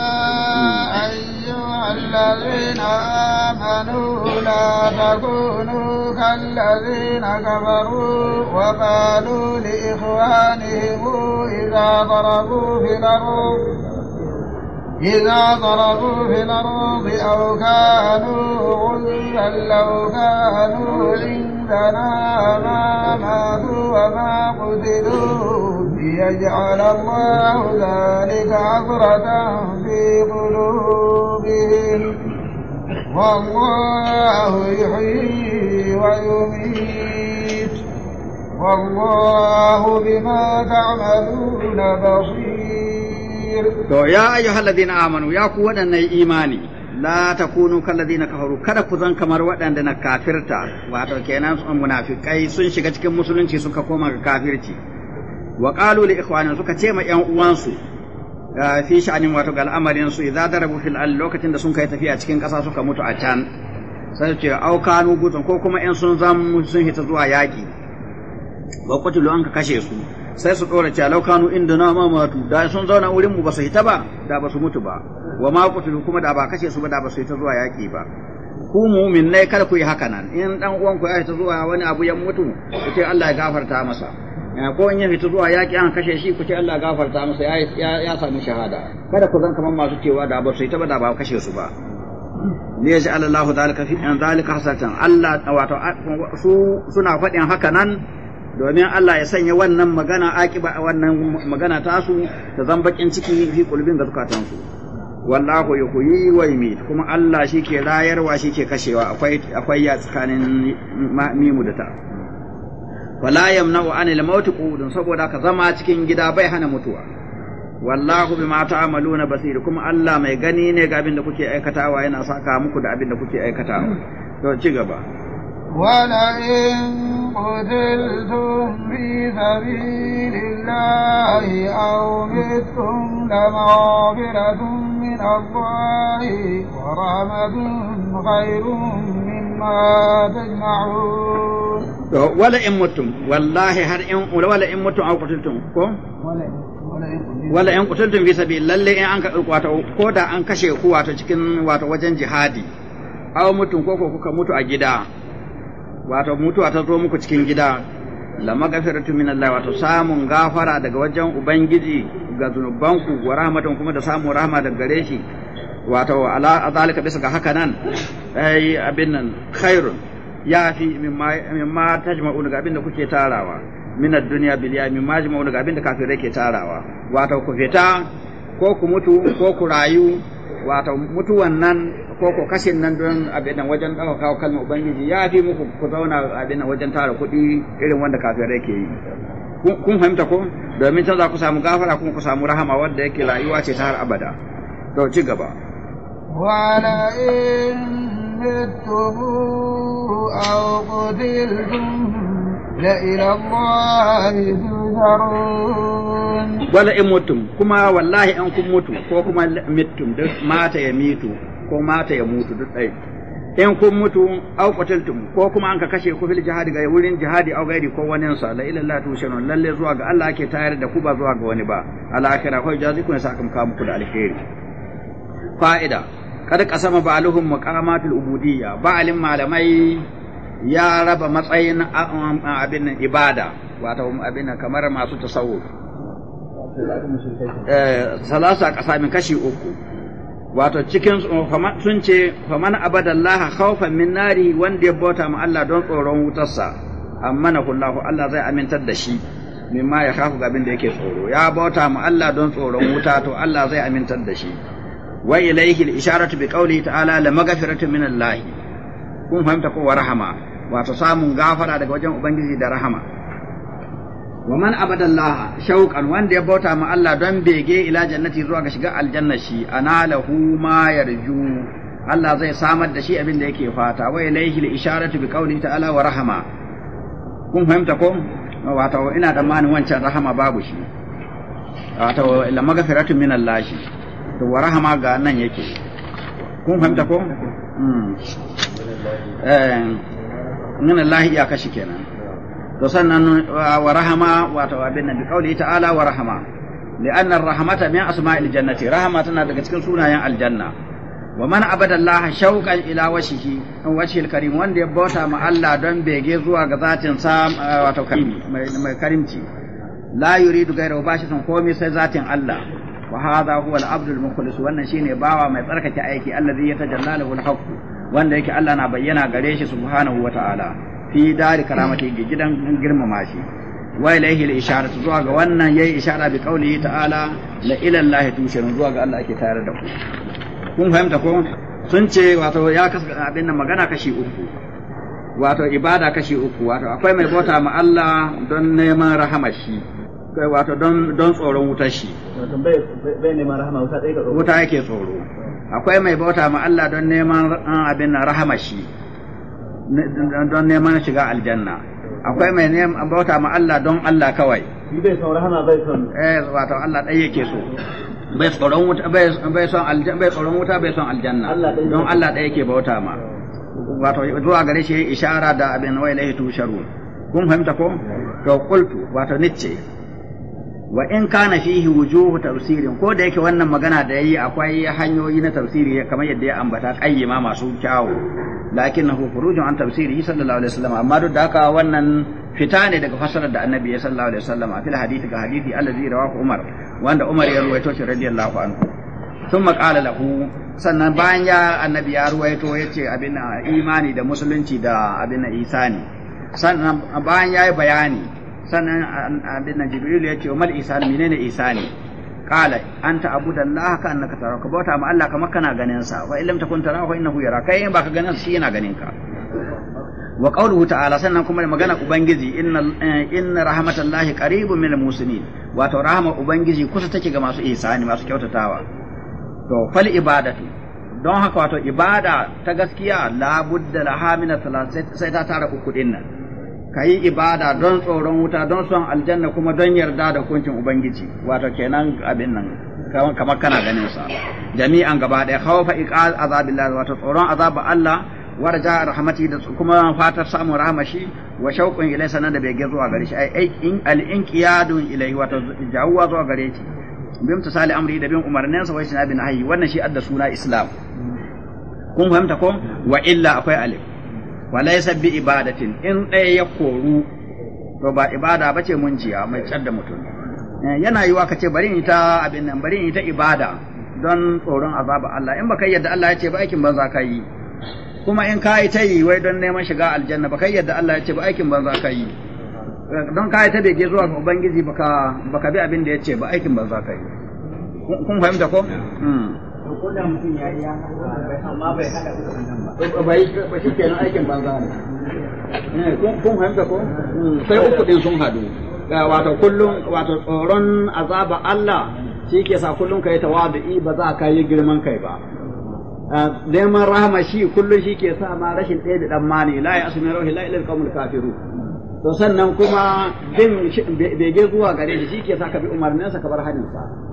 أيها الذين آمنوا لا تكونوا كالذين كفروا وقالوا لإخوانهم إذا ضربوا في الأرض إذا ضربوا في الأرض أو كانوا غزا لو كانوا عندنا ما ماتوا وما قتلوا ليجعل الله ذلك عبرة في قلوبهم والله يحيي ويميت والله بما تعملون بصير to ya ayyuha alladhina amanu ya ku wadannan imani la takunu kalladhina kafaru kada ku zan kamar waɗanda na kafirta wato kenan munafikai sun shiga cikin musulunci suka koma ga kafirci wa qalu li ikhwanin suka ce ma ƴan uwansu eh, fi sha'anin wato ga al'amarin su idza darabu fil al lokacin da sun kai tafiya cikin ƙasa suka mutu a can sai su ce au kanu gutun ko kuma ƴan sun zan sun hita zuwa yaƙi wa qutilu an ka kashe su sai su dora cewa laukanu inda na ma matu da sun zauna wurin mu ba su hita ba da ba su mutu ba wa ma qutilu kuma da ba kashe su ba da ba su hita zuwa yaƙi ba ku mu'min ne kada ku yi haka nan in dan uwan ku ya hita zuwa wani abu ya mutu sai ce Allah ya gafarta masa Eh, ko in ya fito zuwa yaƙi an kashe shi ku ce Allah gafarta masa ya samu shahada kada ku zan kamar masu cewa da ba su yi ta ba da ba kashe su ba ne ya ja'ala allah zalika fi an zalika hasatan Allah wato su suna faɗin haka nan domin Allah ya sanya wannan magana akiba wannan magana ta su ta zan ciki fi kulbin da zukatan su wallahu yuhyi wa yumit kuma Allah shi ke rayarwa shi ke kashewa akwai akwai ya tsakanin mimu da ta wala yamna'u anil mauti qudun saboda ka zama cikin gida bai hana mutuwa wallahu bima ta'maluna basir kuma Allah mai gani ne ga abin da kuke aikatawa yana saka muku da abin da kuke aikatawa to ci gaba ولئن قتلتم في سبيل الله أو متم لمغفرة من الله ورحمة خير مما تجمعون ولا إن متم والله هل إن ولا إن متم أو قتلتم wala yan kutuntum fi sabi lalle in an ka wato ko da an kashe ku wato cikin wato wajen jihadi aw mutum ko ko kuka mutu a gida wato mutuwa ta zo muku cikin gida la magfiratu min Allah wato samun gafara daga wajen ubangiji ga zunubanku wa rahmatan kuma da samun rahma daga gare shi wato ala azalika bisa ga haka nan ai abin nan khairun ya fi min ma tajma'u daga abin da kuke tarawa min ad-dunya bil yami ma tajma'u daga abin da kafirai ke tarawa wato ku fita ko ku mutu ko ku rayu wato mutuwan nan ko ko kashin nan don abin nan wajen kawo kawo kalmar ubangiji ya fi muku ku zauna abin nan wajen tara kuɗi irin wanda kafirai ke yi kun fahimta ko domin can za ku samu gafara kuma ku samu rahama wanda yake rayuwa ce ta har abada to ci gaba wala in aw لإلى الله ترجعون ولا إموتم كما والله أنكم موتوا كما متم مات يميتوا كما مات يموتوا in kun mutu au qataltum ko kuma an ka kashe ku fil jihad ga wurin jihadi au gairi ko wani sa la ila Allah tushanu lalle zuwa ga Allah ake tayar da ku ba zuwa ga wani ba al akhirah ko jazi ku sa kam kamu ku da alheri fa'ida kada kasama ba'aluhum maqamatul ubudiyya ba'alin malamai ya raba matsayin abin ibada wato abin kamar masu tasawuf eh, salasa kasamin kashi uku wato cikin sun ce faman abadallaha khawfan min nari wanda ya bauta ma Allah don tsoron wutarsa Amma amana kullahu Allah zai amintar da shi Min ma ya khafu ga abin da yake tsoro ya bauta ma Allah don tsoron wuta to Allah zai amintar da shi wa ilayhi al-isharatu bi qawli ta'ala la maghfiratun min Allah kun fahimta ko wa rahama wato samun gafara daga wajen ubangiji da rahama wa man abadallah shauqan wanda ya bauta ma Allah don bege ila jannati zuwa ga shiga aljanna shi analahu ma yarju Allah zai samar da shi abin da yake fata wa ilayhi al isharatu bi qawli ta'ala wa rahama kun fahimta ko wato ina da mani wancan rahama babu shi wato illa magfiratu min Allah shi to wa rahama ga nan yake kun fahimta ko hmm. eh. min Allah ya kashi kenan to sannan wa rahama wato abin nan bi qauli ta'ala wa rahama لأن الرحمة من أسماء الجنة رحمة تنا cikin sunayen aljanna wa man abada Allah shauqan ila wajhihi wajhi al-karim wanda ya bauta ma Allah don bege zuwa ga zatin sa wato mai karimci la yuridu ghayra ba shi son komai sai zatin Allah wa hadha huwa al-abdul wannan shine bawa mai tsarkake aiki allazi ta lahu al-haqq wanda yake Allah na bayyana gare shi subhanahu wa ta'ala fi dari karamati gidan girmama shi wa ilaihi al-ishara zuwa ga wannan yayi ishara bi qaulihi ta'ala la ila Allah tushirun zuwa ga Allah ake tayar da ku kun fahimta ko sun ce wato ya kasga abin nan magana kashi uku wato ibada kashi uku wato akwai mai bauta ma Allah don neman rahamar shi kai wato don don tsoron wutar shi bai neman rahama wuta ɗaya tsoro wuta yake tsoro akwai mai bauta ma Allah don neman ah, abin na rahama shi don neman shiga aljanna akwai mai neman bauta ma Allah don Allah kawai shi bai son rahama bai son eh wato Allah ɗaya yake so bai tsoron wuta bai bai son aljanna bai tsoron wuta bai son aljanna don Allah ɗaya yake bauta ma wato zuwa gare shi ishara da abin wa ilaihi tusharun kun fahimta ko to qultu wato nice wa in kana fihi wujuhu tafsirin ko da yake wannan magana da yayi akwai hanyoyi na tafsiri kamar yadda ya ambata qayyima masu kyawu lakinnahu furujun an tafsiri sallallahu alaihi wasallam amma duk da haka wannan fita ne daga fasarar da annabi ya sallallahu alaihi wasallam fil hadith ga hadithi allazi rawahu umar wanda umar ya ruwaito shi radiyallahu anhu thumma qala lahu sannan bayan ya annabi ya ruwaito yace abin imani da musulunci da abin isani sannan bayan yayi bayani sannan abin nan jibril ya ce wa mal isani menene isani qala anta abudallaha ka annaka tara ka bauta ma Allah kamar kana ganin sa wa illam takun tara fa innahu yara kai in baka ganin shi yana ganin ka wa qawluhu ta'ala sannan kuma magana ubangiji inna eh, inna rahmatallahi qaribun minal muslimin wato rahama ubangiji kusa take ga masu ihsani masu kyautatawa to fal ibadatu don haka wato ibada ta gaskiya labudda laha min sai ta tara uku nan ka yi ibada don tsoron wuta don son aljanna kuma don yarda da kuncin ubangiji wato kenan abin nan kamar kana ganin sa jami'an gaba daya khawfa iqaz azabillah wato tsoron azab Allah warja rahmati da kuma fatar samun rahmashi wa shauqun ilai sanan da zuwa gare shi ai in al inqiyadun ilai wato jawwa zuwa gare shi bin tasali amri da bin umarnin sa wai sinabi wannan shi adda suna islam kun fahimta ko wa illa akwai alif walaysa bi ibadatin in ɗaya ya koru to ba ibada ba ce mun jiya mai tsar da mutum eh, yana yiwa ka ce bari in ta abin nan bari in ta ibada don tsoron azaba Allah in baka yadda Allah ya ce ba aikin banza ka yi kuma in ka yi ta yi wai don neman shiga aljanna baka yadda Allah ya ce ba aikin banza ka yi eh, don ka yi ta bege zuwa ga ubangiji baka baka bi abin da ya ce ba aikin banza ka yi kun fahimta ko hmm. ko da mutum ya yi ya amma bai hada da wannan ba ba shi kenan aikin banza ne eh, kun fahimta ko hmm, sai uku sun hadu wato kullum wato tsoron azaba Allah shi ke sa kullum ka yi tawadu'i ba za ka yi girman kai ba eh, neman rahama shi kullum shi ke sa ma rashin ɗaya da ɗan mani la ya asumi rauhi la ilal qawmul kafiru to sannan kuma bin bege zuwa gare shi shi ke sa ka bi umarninsa ka bar haninsa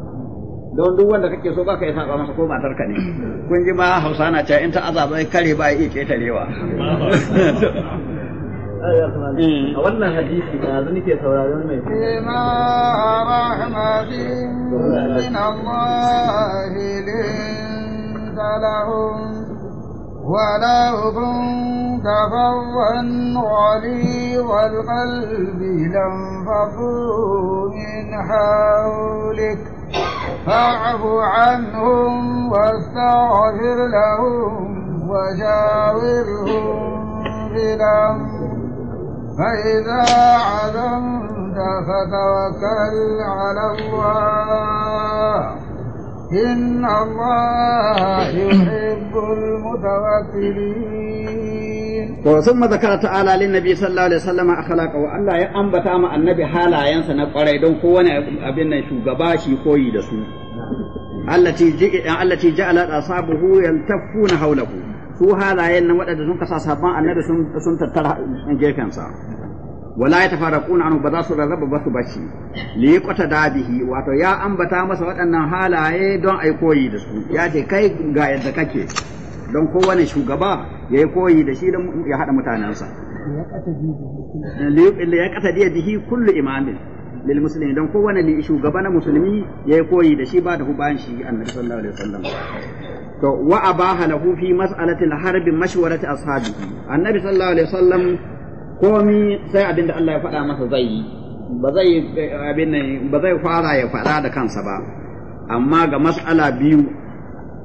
don duk wanda kake so baka yi saba masa ko matar ka ne kun ji ma Hausa na cewa in ta azaba ai kare ba iya ketarewa a wannan hadisi da yanzu nake sauraron mai ma rahmatin min Allah lahum tafawwan wali فظا غليظ القلب لانفضوا من حولك فاعف عنهم واستغفر لهم وجاورهم بالأمر فإذا عزمت فتوكل على الله إن الله يحب المتوكلين maza ثم ذكر تعالى للنبي صلى الله عليه وسلم اخلاقه Allah ya ambata ma annabi halayensa na kwarai don kowane abin nan shugaba shi koyi da su allati allati ja'ala asabuhu yaltaffuna hawlahu su halayen nan waɗanda sun kasa sabon annabi sun sun tattara gefensa wala ya tafaraquna anhu ba za su rarraba ba su bashi li dabihi wato ya ambata masa waɗannan halaye don ai koyi da su ya ce kai ga yadda kake don kowane shugaba ya yi koyi da shi don ya haɗa mutanensa ya kasa diya bihi kullu imamin lil musulmi. don kowane shugaba na musulmi ya yi koyi da shi ba da bayan shi annabi sallallahu alaihi wasallam to wa a abaha lahu fi mas'alati al-harb mashwarati ashabihi annabi sallallahu alaihi wasallam komi sai abinda Allah ya faɗa masa zai yi ba zai eh, abin ba zai fara ya faɗa da kansa ba amma ga mas'ala biyu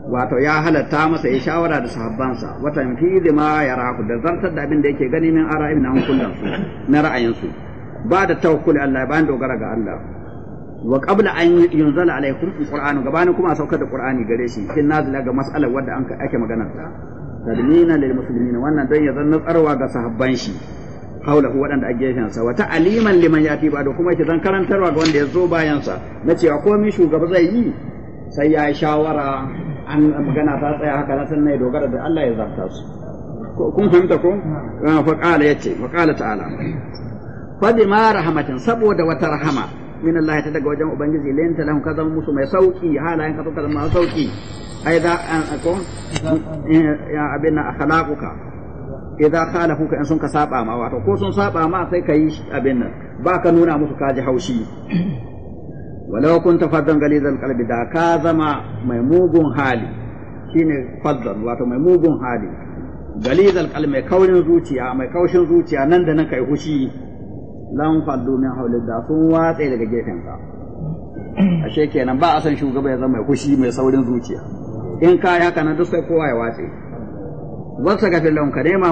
wato ya halatta masa ya shawara da sahabbansa watan fi zima ya raku da zartar da abin da yake gani min ara'im na hankulan su na ra'ayinsu ba da tawakkuli Allah ba dogara ga Allah wa qabla an yunzala alaikum alquran gabanin kuma a saukar da qur'ani gare shi kin nazila ga mas'alar wadda an ake maganar ta tadmina lil muslimin wannan dan ya zanna tsarwa ga sahabban shi haulahu waɗanda a gefen sa wata aliman liman yati ba da kuma ki zan karantarwa ga wanda ya zo bayan sa na cewa komai shugaba zai yi sai ya shawara an magana ta tsaya haka na sannan ya dogara da Allah ya zarta su kun fahimta ko ah, fa ya ce fa qala ta'ala fa ma rahmatin saboda wata rahama min Allah ta daga wajen ubangiji lenta lahum kaza musu mai sauƙi halayen ka kaza mai sauƙi. ai za a ko ya abina akhlaquka idan kuka in sun ka saba ma wato ko sun saba ma sai ka yi abin nan ba ka nuna musu kaji haushi ولو كنت faddan غليظ القلب da ka zama mai mugun hali واتو faddan حالي mai القلب مي مي zuciya mai دا zuciya nan da nan kai hushi lan faddu min hawli da sun watse daga gefen ka ashe kenan ba a san shugaba ya zama mai hushi mai saurin zuciya in ka sai kowa ya wasa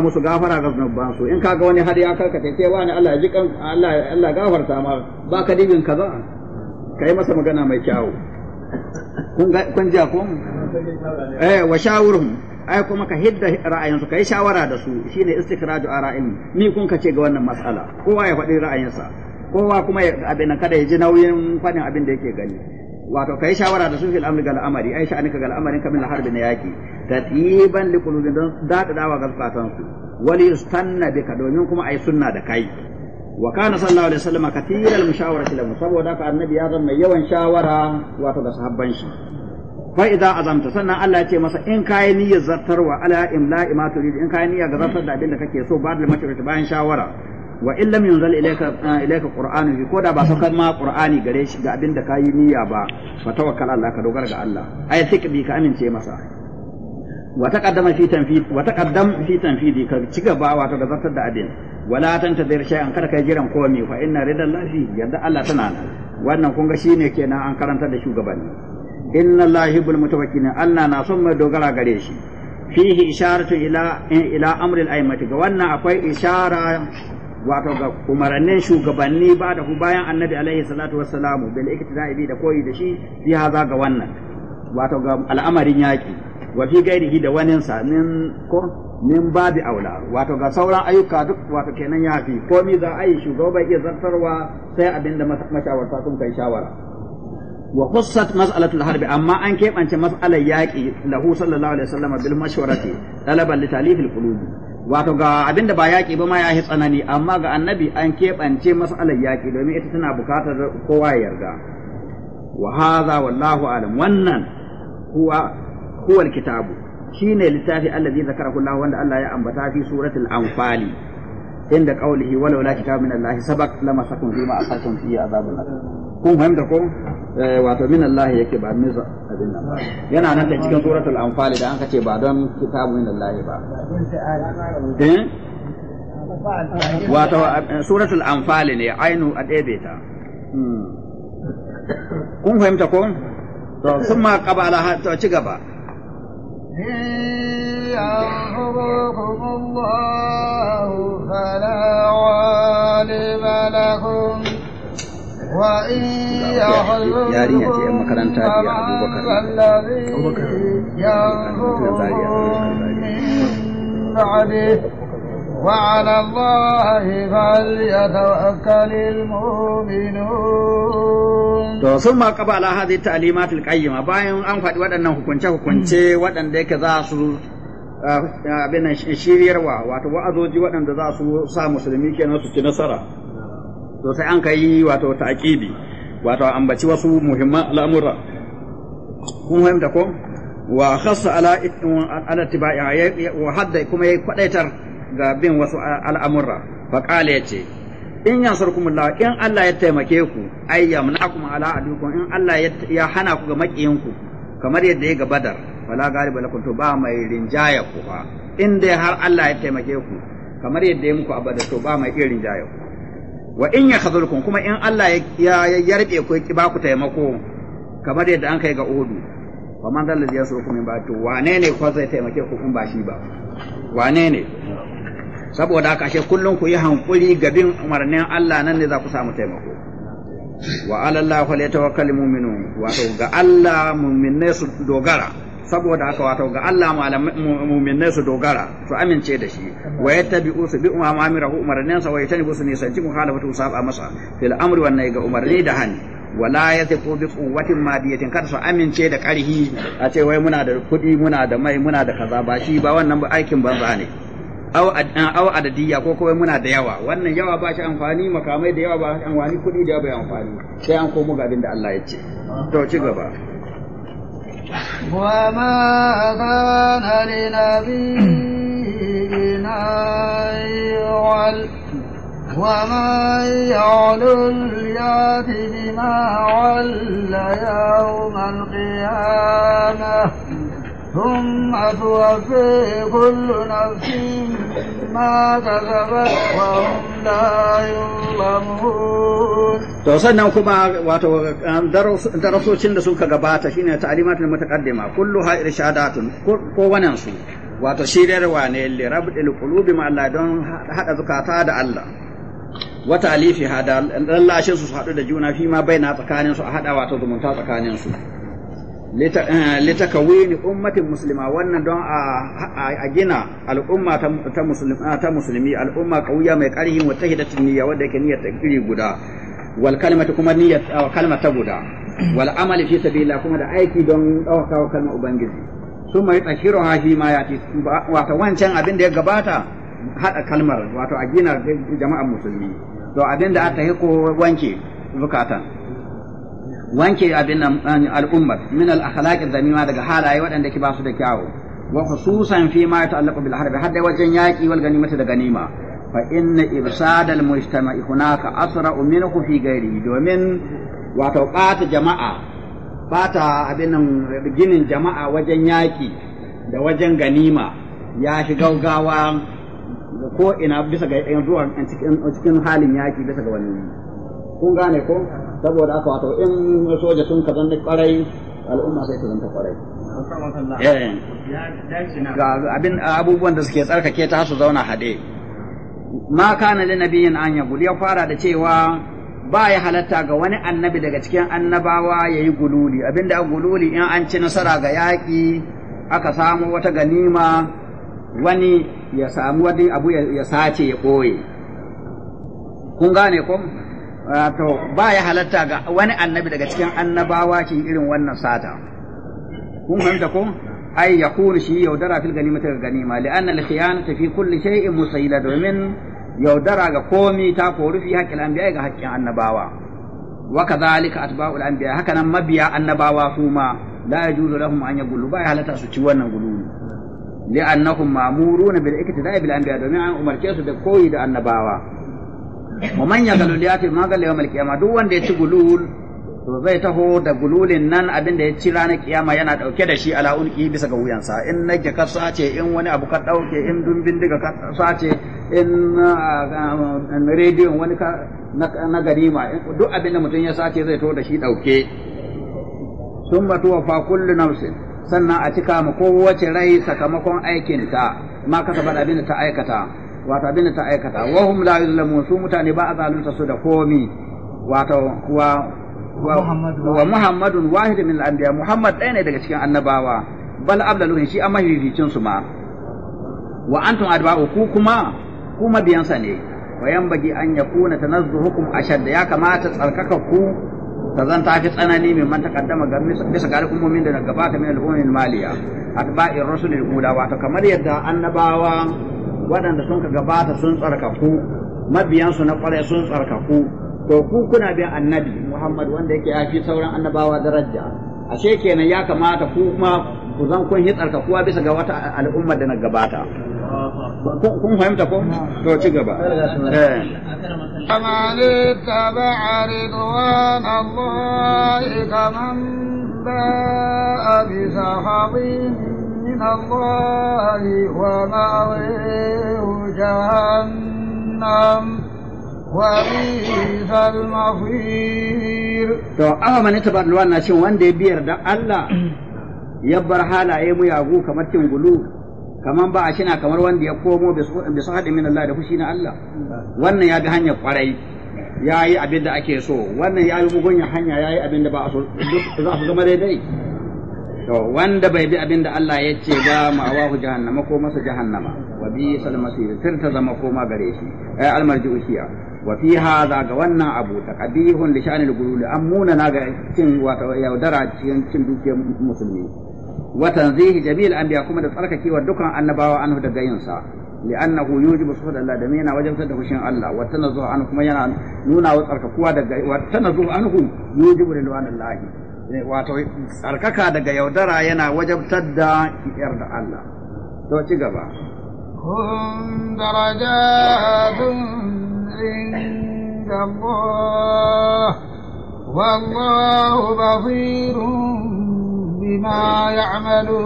musu gafara ga zunuban su in kaga wani har ya karkace sai wani Allah ya ji kan Allah Allah gafarta ma ba ka dibin kaza ka yi masa magana mai kyawu kun ji ko eh wa shawurhum ai kuma ka hidda ra'ayinsu ka yi shawara da su shine istikraju ara'in ni kun ka ce ga wannan mas'ala kowa ya faɗi ra'ayinsa kowa kuma abin kada ya ji nauyin fanin abin da yake gani wato yi shawara da su fil amri gal amari ai sha'anika gal amarin kamin harbi na yaki tatiban liqulubin don da dawa ga su wali yustanna bika domin kuma ai sunna da kai wa kana sallallahu alaihi wasallam kathira al-mushawara lahu saboda ka annabi ya zama yawan shawara wato ga sahabban shi fa idza azamta sannan Allah ya ce masa in kai niyyar zartarwa ala imla'i ma turid in kai niyyar zartar da abin da kake so ba da mashurati bayan shawara wa in lam yunzal ilayka ilayka qur'anu fi koda ba saukar ma qur'ani gare shi ga abin da kai niyya ba fa tawakkal Allah ka dogara ga Allah ai sai ka amince masa وتقدم في تنفيذ وتقدم في تنفيذه كتشغبا وتغزرت da abin wala tantadir shay'an kada kai jiran komai fa inna ridan lafi yadda Allah tana wannan kun ga shine kenan an karanta da shugabanni inna lahi bil mutawakkilin Allah na son mai dogara gare shi fihi isharatu ila ila amril aimati ga wannan akwai ishara wato ga umarannin shugabanni ba da bayan annabi alaihi salatu wassalamu bil iktida'i da koyi da shi ga wannan wato ga al'amarin yaki wa fi gairihi da waninsa min ko min babi aula wato ga sauran ayyuka duk wato kenan ya fi komi za a yi shugaba bai iya zartarwa sai abinda mashawarta sun kai shawara wa khussat mas'alatul harbi amma an keɓance mas'alar yaƙi lahu sallallahu alaihi wasallam bil mashwarati talaban li talifil qulub wato ga abinda ba yaƙi ba ma ya tsanani amma ga annabi an keɓance mas'alar yaƙi domin ita tana buƙatar kowa ya yarda wa hadha wallahu alam wannan huwa huwa kitabu shine littafi allazi zakarahu Allah wanda Allah ya ambata fi suratul anfali inda qawlihi walau la kitabu min Allah sabaq lama sakun fi ma asakum fi azabun kun fahimta ko eh, wato min Allah yake ba min abin nan yana nan da cikin suratul anfal da an ce ba don kitabu min Allah ba eh? wato eh, suratul anfal ne ainu a ɗebe ta hmm. kun fahimta ko to sun ma kabala ta ci gaba ينصركم الله فلا غالب لكم وإن يحزنكم فمن الذي ينصركم من بعده وعلى الله فليتوكل المؤمنون to sun ma kaba ala hadhihi ta'limat al-qayyima bayan an faɗi waɗannan hukunce hukunce waɗanda yake za su abin shiryarwa wato wa'azoji za su sa musulmi kenan su ci nasara to sai an kai wato taqibi wato ambaci wasu muhimman al'amura kun fahimta ko wa khassa ala wa hadda kuma yayi kwadaitar ga bin wasu al'amurra faƙala ya ce in yansurkumullah in Allah ya taimake ku ayyam yamnakum ala adukum in Allah ya hana ku ga maƙiyinku, kamar yadda ya ga badar wala galiba lakum to ba mai rinjaya ku fa in dai har Allah ya taimake ku kamar yadda ya muku a badar to ba mai iya rinjaya ku wa in ya hazurkun kuma in Allah ya yarbe ku ki ba ku taimako kamar yadda an kai ga Odu wa man dalla ya so ba to wane ne ko zai taimake ku in ba shi ba wane ne saboda haka ashe kullum ku yi hankuri ga bin umarnin Allah nan ne za ku samu taimako wa alallahu fa tawakkal mu'minun wato ga Allah mu'minai su dogara saboda haka wato ga Allah mu'minai su dogara su amince da shi wa yattabi'u su bi umamirahu umarnin sa wa yatanibu su nisanci muhalafatu saba masa fil amri wannan ga umarni da hani wala ya tafi bi kuwatin madiyatin kada su amince da karhi a ce wai muna da kuɗi muna da mai muna da kaza ba shi ba wannan ba aikin banza ne Ah, au adadiyya ko kawai muna da yawa wannan yawa ba shi amfani makamai da yawa ba shi amfani kudi da yawa ba amfani sai an komo ga da Allah ya ce to ci gaba wa ma kana وما كان لنبي أن ومن يعلل يات بما ول al-qiyamah ثم توفي كل نفس ما كسبت وهم لا يظلمون to sannan kuma wato um, darasocin da suka gabata shine ta'limatul mutaqaddima kulluha irshadatun ko wannan su wato shirarwa ne li rabdil qulubi ma Allah don hada zukata da Allah wa ta'lifi hada lallashin su su hadu da juna fi ma baina tsakanin su a hada wato zumunta tsakanin su litakawini eh, ummatin muslima wannan don a gina al'umma ta musulmi eh, al'umma kauya mai ƙarhin wata niyya wadda yake niyyar guda wal kuma niyyar eh, guda wal amali fi sabilillah kuma da aiki don ɗaukaka kalma ubangiji sun mai tsakiro ha shi ma ya ci wato wancan abin da ya gabata haɗa kalmar wato gina jama'ar musulmi to abin da aka yi ko wanke abin nan al'ummar min al-akhlaq zamima daga halaye waɗanda ke ba su da kyawu wa khususan fi ma ta'allaqu bil harbi hadda wajen yaki wal ganimata da ganima fa inna irsadal mujtama'i hunaka asra'u minhu fi ghairihi domin wato bata jama'a bata abin nan ginin jama'a wajen yaki da wajen ganima ya shi gaugawa ko ina bisa ga cikin halin yaki bisa ga wani kun gane ko saboda haka wato in soja sun kazan da kwarai al'umma sai su zanta kwarai eh. abin abubuwan da suke tsarkake ta su zauna haɗe. ma kana li nabiyin an yagul ya fara da cewa ba ya halatta ga wani annabi daga cikin annabawa ya yi gululi abinda gululi in an ci nasara ga yaƙi aka samu wata ganima wani ya samu wani abu ya sace ya ɓoye kun gane ko wato ba ya halatta ga wani annabi daga cikin annabawa cikin irin wannan sata kun fahimta ko ai ya kunu shi yaudara fil ganimata ga ganima li anna al ta fi kulli shay'in musayila domin yaudara ga komi ta koru fi haqqil anbiya ga haƙƙin annabawa wa kadhalika al anbiya haka nan mabiya annabawa su ma la yajuzu lahum an yaqulu ba ya halatta su ci wannan gululu li'annahum ma'muruna bil iktida'i bil anbiya domin an umarce su da koyi da annabawa wa ya galul ya fi magalla yawmal duk wanda ya ci gulul to zai taho da gululin nan abin da ya ci ranar kiyama yana dauke da shi ala ulki bisa ga wuyansa in nake ka sace in wani abu ka dauke in dumbin diga ka sace in uh, um, rediyon wani ka na ganima duk abin da mutum ya sace zai taho da shi dauke sun batu wa fa kullu nafsin sannan a cika ma kowace rai sakamakon aikinta ma kasa abin da ta aikata wato abin da ta aikata wa hum la yuzlamun su mutane ba a zalunta su da komi wato wa wa muhammadun wahid min al-anbiya muhammad ɗaya ne daga cikin annabawa bal ablalu shi amma hizicin su ma wa antum adba'u ku kuma kuma biyansa ne wa yanbaghi an yakuna tanazzuhukum ashadda ya kamata tsarkaka ku ta zan ta fi tsanani mai man taqaddama ga bisa ga al'ummomin da gabata min al-ummin maliya atba'ir rusulil ula wato kamar yadda annabawa waɗanda sun ka gabata sun tsarkaku mabiyansu na ƙwarai sun tsarkaku to ku kuna bin annabi Muhammad wanda yake yafi sauran annabawa daraja ashe kenan ya kamata ku kuma ku zan kun yi tsarkakuwa bisa ga wata al'ummar da na gabata kun fahimta ko to ci gaba kama eh. ridwan Allah kaman من الله ومأويه جهنم وبئس المصير to afa mani tabarruwa na cin wanda ya biyar da Allah ya bar halaye mu yagu kamar tingulu kamar ba a shina kamar wanda ya komo bi su haɗe min Allah da fushi na Allah wannan ya bi hanyar kwarai ya yi abin da ake so wannan ya yi mugunyar hanya ya yi abin da ba a so za su zama daidai to wanda bai bi abinda Allah ya ce ba ma'awahu jahannama ko masa jahannama wa bi sal masir tir ta zama koma gare shi ay eh, almarji ushiya wa fi hadha ga wannan abu taqbihun li sha'anil gulul amuna na ga cin wato yaudara cikin cin dukiyar musulmi wa tanzihi jami'il anbiya kuma da tsarkakewa dukkan annabawa anhu daga yin sa لأنه يوجب صفة الله دمينا وجب تدخشين الله والتنزه عنه كما ينا نونا وتركوا دقائق والتنزه عنه يوجب رضوان الله wato tsarkaka daga yaudara yana wajabtar da yarda Allah to ci gaba هم درجات عند الله والله بصير yamalu.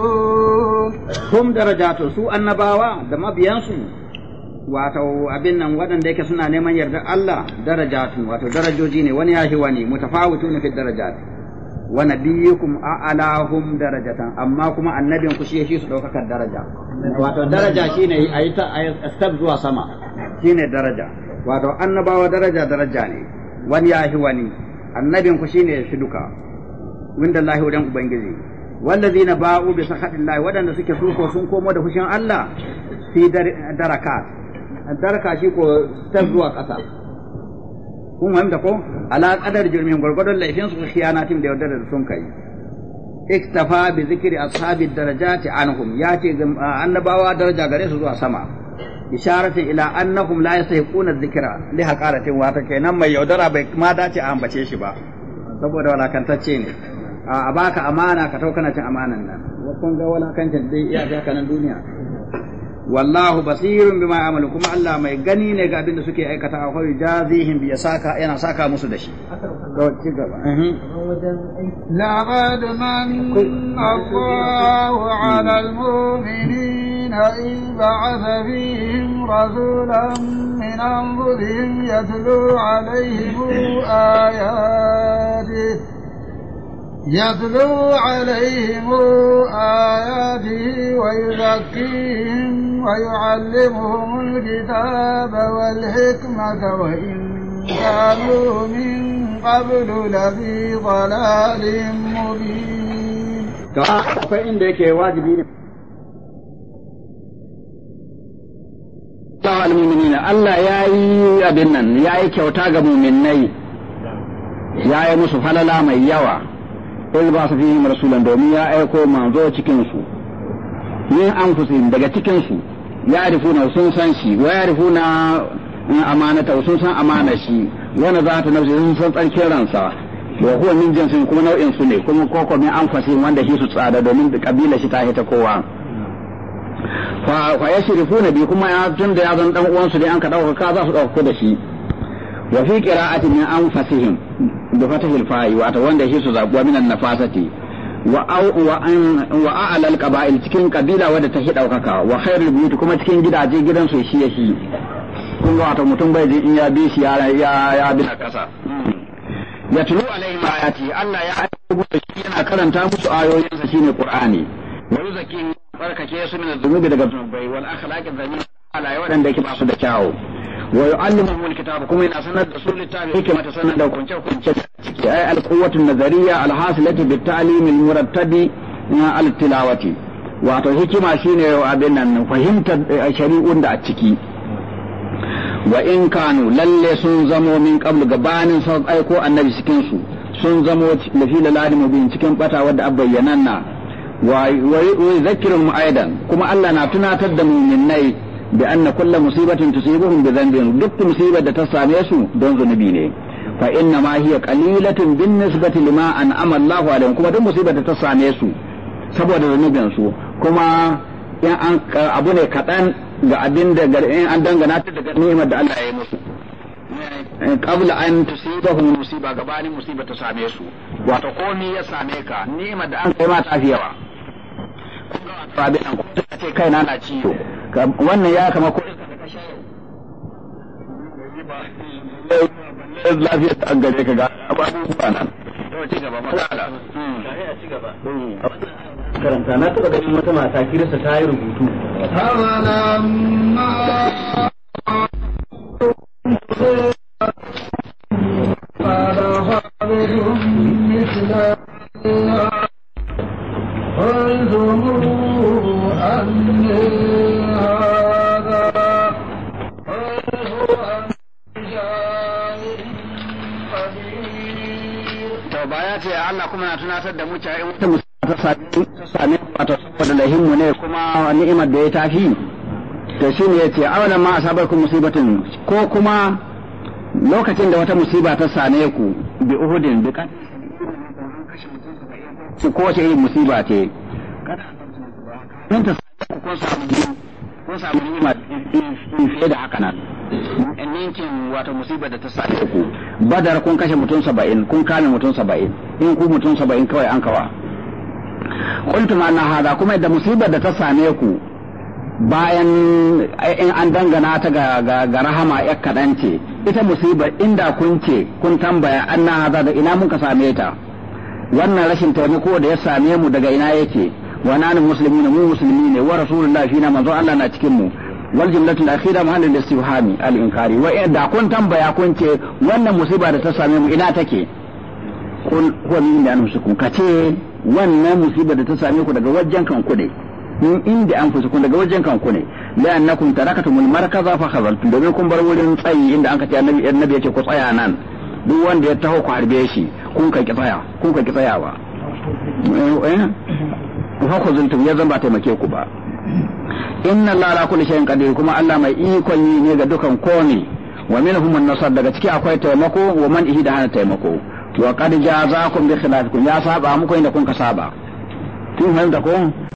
Kun daraja درجات su Annabawa da mabiyansu, wato abin nan waɗanda yake suna neman yardar Allah darajatu wato darajoji ne wani ya yahi wani mutafawutu ne fi darajati wa nabiyukum a'alahum darajatan amma kuma annabin ku shi shi su daukakar daraja wato daraja shine ayi ta step zuwa sama shine daraja wato annabawa daraja daraja ne wani yahi wani annabin ku shine shi duka wanda Allah wajen ubangiji wallazina ba'u bi sakhatillahi wadanda suke suko sun komo da fushin Allah fi darakat daraka shi ko step zuwa kasa kun wanda ko ala kadar jirmin gurgurdon laifin su khiyanatin da yaudar da sun kai iktafa bi zikri ashabi darajati anhum ya ce annabawa daraja gare su zuwa sama isharatin ila annahum la yastahiquna dhikra li haqaratin wata kenan mai yaudara bai ma dace a ambace shi ba saboda walakantacce ne a baka amana ka tau kana cin amanan nan kun ga walakantacce dai iya nan duniya wallahu basirun bima amalu kuma Allah mai gani ne ga abin da suke aikata a kawai jazihin biya saka yana saka musu da shi to ci gaba laqad man Allahu 'ala al-mu'minin in ba'atha fihim rasulan min anfusihim yatlu 'alayhim ayatihi يتلو عليهم آياته ويزكيهم ويعلمهم الكتاب والحكمة وإن كانوا من قبل لفي ضلال مبين فإن ديك واجبين Allah ya yi abin nan ya yi kyauta ga muminai ya yi musu falala mai yawa iz ba su fi yin rasulan domin ya aiko manzo cikin su min anfusihim daga cikin su na sun san shi wa ya ya'rifuna eh, amanata sun san amana shi wani za ta nafsi sun san tsarkin ransa wa huwa min jinsin kuma nau'in su ne kuma koko min anfusihim wanda shi su tsada domin kabila shi ta hita kowa fa fa yashrifuna bi kuma ya tunda ya zan dan uwansu dai an ka dauka ka za su dauka da shi wa fi qira'atin min anfusihim da fatahil fa'i wato wanda shi su zabuwa minan nafasati wa au wa an wa qaba'il cikin kabila wadda ta hi daukaka wa khairul buyut kuma cikin gidaje gidan su shi yashi kun ga mutum bai ji in ya bi shi ya ya bi kasa ya tulu alaihim ayati Allah ya aiko shi yana karanta musu ayoyinsa shine qur'ani wa yuzakihim barkake su min adh-dhunubi daga zunubai wal akhlaqi dhamira ala waɗanda yake ba su da kyawu wa yu'allimuhum alkitaba kuma yana sanar da su littafi hikima mata sanar da kunce kunce ciki ay alquwwatu nazariyya alhasilati bitta'lim almurattabi al tilawati wato hikima shine abin nan fahimtar shari'un da a ciki wa in kanu lalle sun zamo min qablu gabanin sun aiko annabi cikin su sun zamo lafi lalani mubin cikin bata wadda abbayyanan na wa zakirin mu aidan kuma Allah na tunatar da mu'minnai da anna kulla musibatin tusibuhum da dhanbin duk musibar da ta same su don zunubi ne fa inna ma hiya qalilatun bin nisbati lima an amallahu alaihim kuma duk musibar da ta same su saboda zunubin su kuma in an abu ne kadan ga abin da in an dangana ta daga ni'imar da Allah ya yi musu eh, qabla an tusibahum musiba gabanin musiba ta same su wato ni ya same ka ni'imar da an kai ma ta fiyawa abin ce kai na na ciwo wannan ya kama ko lafiya ta an gare ka ga abubuwa nan karanta na taɓa ganin wata mata kirista ta yi rubutu da mu ta sami wato saboda lahinmu ne kuma ni'imar da ya tafi to ya ce awala ma asabakum musibatin ko kuma lokacin da wata musiba ta same ku bi uhudin bi kan su ko wace irin musiba ce kun ta same ku kun samu kun samu ni'ima fiye da haka nan ninkin wata musibar da ta sa ku badar kun kashe mutum saba'in kun kame mutum saba'in in ku mutum saba'in kawai an kawa kuntum anna hada kuma da musibar da ta same ku bayan in an dangana ta ga, rahama ya kaɗan ce ita musibar inda kun ce kun tambaya na hada da ina muka same ta wannan rashin taimako da ya same mu daga ina yake wa nanin musulmi ne mu musulmi ne wa rasulullahi na manzo Allah na cikin mu wal jumlatu al-akhira mahall al-istibhami al-inkari wa da kun tambaya kun ce wannan musiba da ta same mu ina take kun huwa min da anfusukum kace wannan musiba da ta same ku daga wajen kan kanku ne min inda anfusukum daga wajen kan kanku ne la annakum tarakatumul markaza fa khazaltum domin kun bar wurin tsayi inda an kace annabi annabi yace ku tsaya nan duk wanda ya taho ku harbe shi kun ka ki tsaya kun ka ki tsayawa eh, eh. ku ya zan ba taimake ku ba inna Allah ala kulli shay'in qadir kuma Allah mai iko yi ne ga dukan komai wa minhum an-nasr daga ciki akwai taimako wa man ihi da hana taimako wa qad jazakum bi khilafikum ya saba muku inda kun ka saba kun fahimta ko